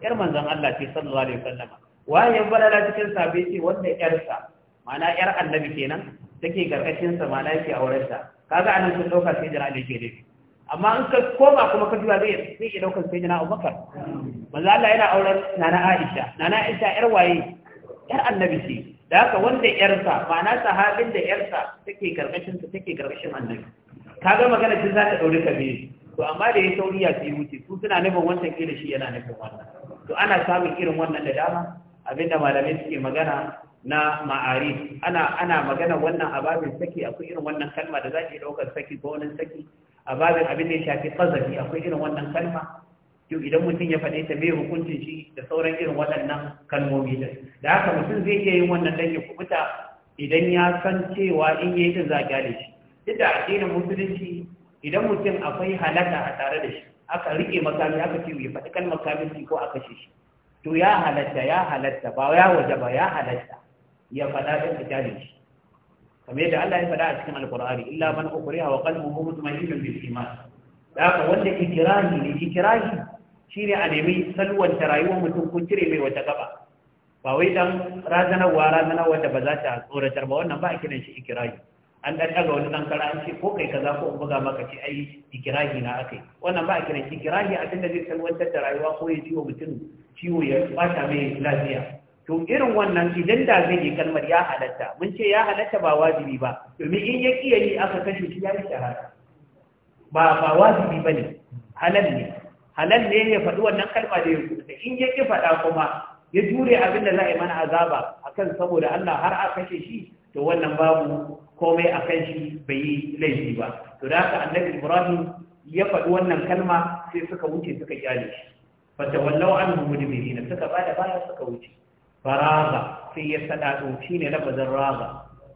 A: yar manzon Allah ce sallallahu alaihi wasallam waye balala cikin sabe ce wanda yarsa mana yar annabi kenan take karkashin sa mana yake auren sa kaga anan sun dauka sai jira da ke amma in ka koma kuma ka duba zai sai ya dauka sai jira Abubakar manzo Allah yana auren nana Aisha nana Aisha yar waye yar annabi ce da haka wanda yarsa mana sahabin da yarsa take karkashin sa take gargashin annabi kaga magana cin za ta daure ka biyu to amma da ya sauri ya fi wuce su suna nufin wancan ke da shi yana nufin wannan to ana samun irin wannan da dama abinda malamai suke magana na ma'ari ana ana magana wannan ababin saki akwai irin wannan kalma da za ki daukar saki ko wani saki ababin abin da ya shafi qazafi akwai irin wannan kalma to idan mutum ya faɗe ta mai hukuncin shi da sauran irin waɗannan kalmomi da da haka mutum zai iya yin wannan dan ya kubuta idan ya san cewa in yayi din za gane shi duk da addinin musulunci idan mutum akwai halaka a tare da shi aka rike makami aka ce ya faɗi makamin shi ko aka shi shi to ya halatta ya halatta ba ya waje ba ya halatta ya faɗa ɗin a jari shi kamar yadda Allah ya faɗa a cikin alkur'ani illa man ukriha wa qalbuhu mutma'innun bil iman da haka wanda ikirahi ne ikirahi shine a nemi ta rayuwar mutum kun cire mai wata gaba ba wai dan razanarwa razanarwa da ba za ta tsoratar ba wannan ba a kiran shi ikirahi an ɗan ɗaga wani ɗan kara an ce ko kai kaza ko buga maka ce ai ikirahi na akai wannan ba a kira ikirahi abin da zai salwantar da rayuwa ko ya ciwo mutum ciwo ya bata mai lafiya to irin wannan idan da zai yi kalmar ya halatta mun ce ya halatta ba wajibi ba domin in ya kiya yi aka kashe shi ya yi shahara ba ba wajibi ba ne halal ne halal ne ya faɗi wannan kalma da ya kuɗa in ya ki faɗa kuma ya jure abin da za a yi mana azaba akan saboda Allah har a kashe shi to wannan babu komai a kan shi bai yi laifi ba to da haka annabi ibrahim ya faɗi wannan kalma sai suka wuce suka kyale shi fata wallau an mu mudbirina suka bada baya suka wuce faraga sai ya sada dauci ne lafazin raga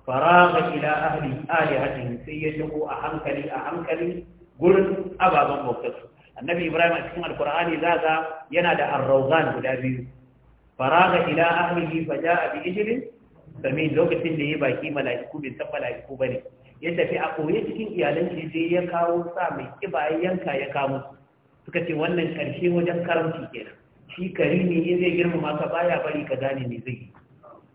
A: faraga ila ahli alihatihim sai ya shigo a hankali a hankali gurin ababen bautarsu annabi ibrahim a cikin alkur'ani za ga yana da arrauzan guda biyu faraga ila ahlihi fa ja'a bi ijlin Sami lokacin da ya baki mala'iku bai san mala'iku ba ne ya tafi a koye cikin iyalan shi sai ya kawo sa mai kiba ya yanka ya kamo suka ce wannan karshe wajen karamci kenan shi kari ne ya zai girmama ka baya bari ka gane me zai yi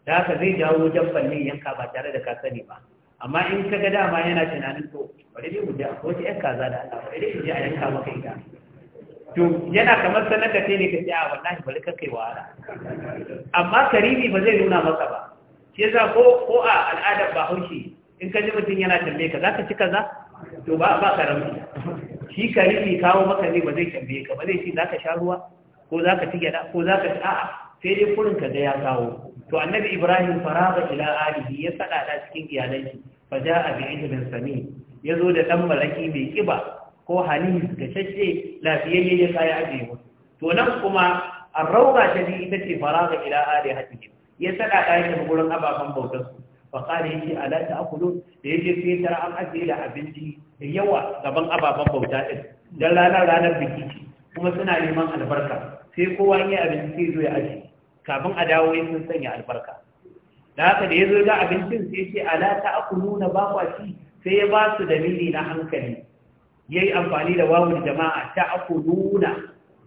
A: da haka zai jawo wajen falle yanka ba tare da ka sani ba amma in ka ga dama yana tunanin to bari dai mu je a kowace yan kaza da Allah bari dai mu je a yanka maka ita to yana kamar sanar da ne ka ce a wallahi bari ka kai wahala amma karimi ba zai nuna maka ba ya sa ko ko a al'adar ba in ka ji mutum yana tambaye ka za ka ci kaza to ba ba ka shi ka rufe kawo maka ne ba zai tambaye ka ba zai ce za ka sha ruwa ko za ka ci gyada ko za ka ci a'a sai dai kurin ka ga ya kawo to annabi ibrahim faraba ila alihi ya sada da cikin iyalanki fa ja'a bi ijlin sami ya zo da dan malaki mai kiba ko halis ga shashe lafiyayye ya kaya ajiye to nan kuma arrauka ta ita ce faraga ila alihi ya sada da gurin ababen bautar su fa kare yace ala akulu da yake sai tara an ajiye da abinci da yawa gaban ababen bauta din dan ranar ranar biki kuma suna neman albarka sai kowa ya abinci sai zo ya aje kafin a dawo ya sun sanya albarka da haka da ya zo ga abincin sai ce ala na ba kwaci sai ya ba su dalili na hankali yayi amfani da wawul jama'a ta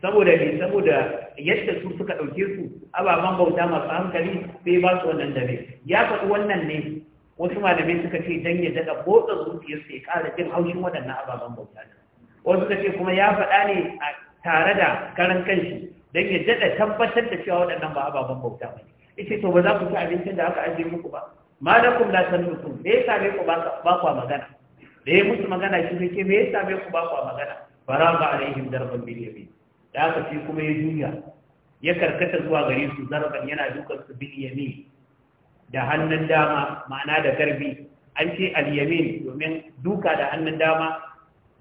A: saboda ne saboda yadda su suka ɗauke su ababen bauta masu hankali sai ba su wannan dare ya faɗi wannan ne wasu malamai suka ce dan ya daga botsa zuciyar su ya ƙara jin haushin waɗannan ababen bauta ne wasu suka ce kuma ya faɗa ne a tare da karan kanshi dan ya daɗa tabbatar da cewa waɗannan ba ababen bauta ba ne to ba za ku ci abincin da aka ajiye muku ba malakum la mutum, me yasa bai ku ba ku magana da ya musu magana shi ne ke me yasa bai ku ba ku magana fara ba alaihim darban bil yamin da aka sai kuma ya juya ya karkata zuwa gare su zarban yana dukan su bil yamin da hannun dama ma'ana da garbi an ce al yamin domin duka da hannun dama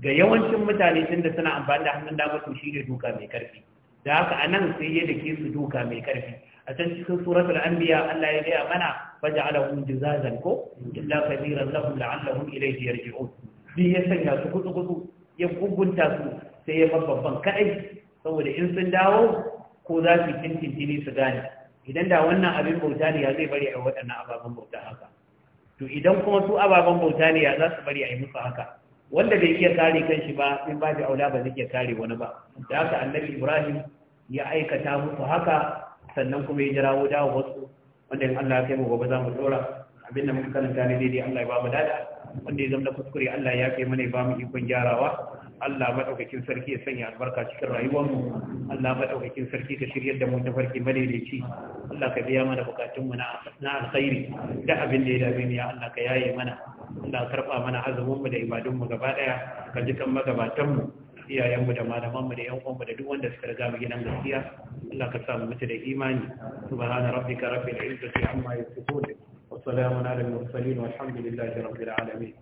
A: ga yawancin mutane tunda suna amfani da hannun dama to shine duka mai karfi da haka nan sai ya dake su duka mai karfi a can cikin suratul anbiya Allah ya gaya mana faj'alahum juzazan ko illa kabiran lahum la'allahum ilayhi yarji'un bi ya sanya su kudu kudu ya gugunta su sai ya babban kaɗai. saboda in sun dawo ko za su tintin jini su gane idan da wannan abin bauta ne ya zai bari a waɗannan ababen bauta haka to idan kuma su ababen bauta ne ya za su bari a yi musu haka wanda bai iya kare kanshi ba in ba da aula ba zai iya kare wani ba da haka annabi ibrahim ya aikata musu haka sannan kuma ya jirawo dawo wasu wanda in Allah ya kai mu gobe za mu dora abin da muka karanta ne daidai Allah ya ba mu dada wanda ya zama kuskure Allah ya kai mana ya ba mu ikon gyarawa Allah maɗaukakin sarki ya sanya albarka cikin rayuwar mu Allah maɗaukakin sarki ka shiryar da mu ta farki madaidaici Allah ka biya mana bukatun mu na alkhairi da abin da ya dame mu ya Allah ka yaye mana Allah karba mana azumin mu da ibadun mu gaba daya ka ji kan magabatan mu iyayenmu da malamanmu da yan uwanmu da duk wanda suka riga mu gidan gaskiya Allah ka sa mu mutu da imani subhana rabbika rabbil
B: izzati amma yasifun wa salamun ala al mursalin walhamdulillahi rabbil alamin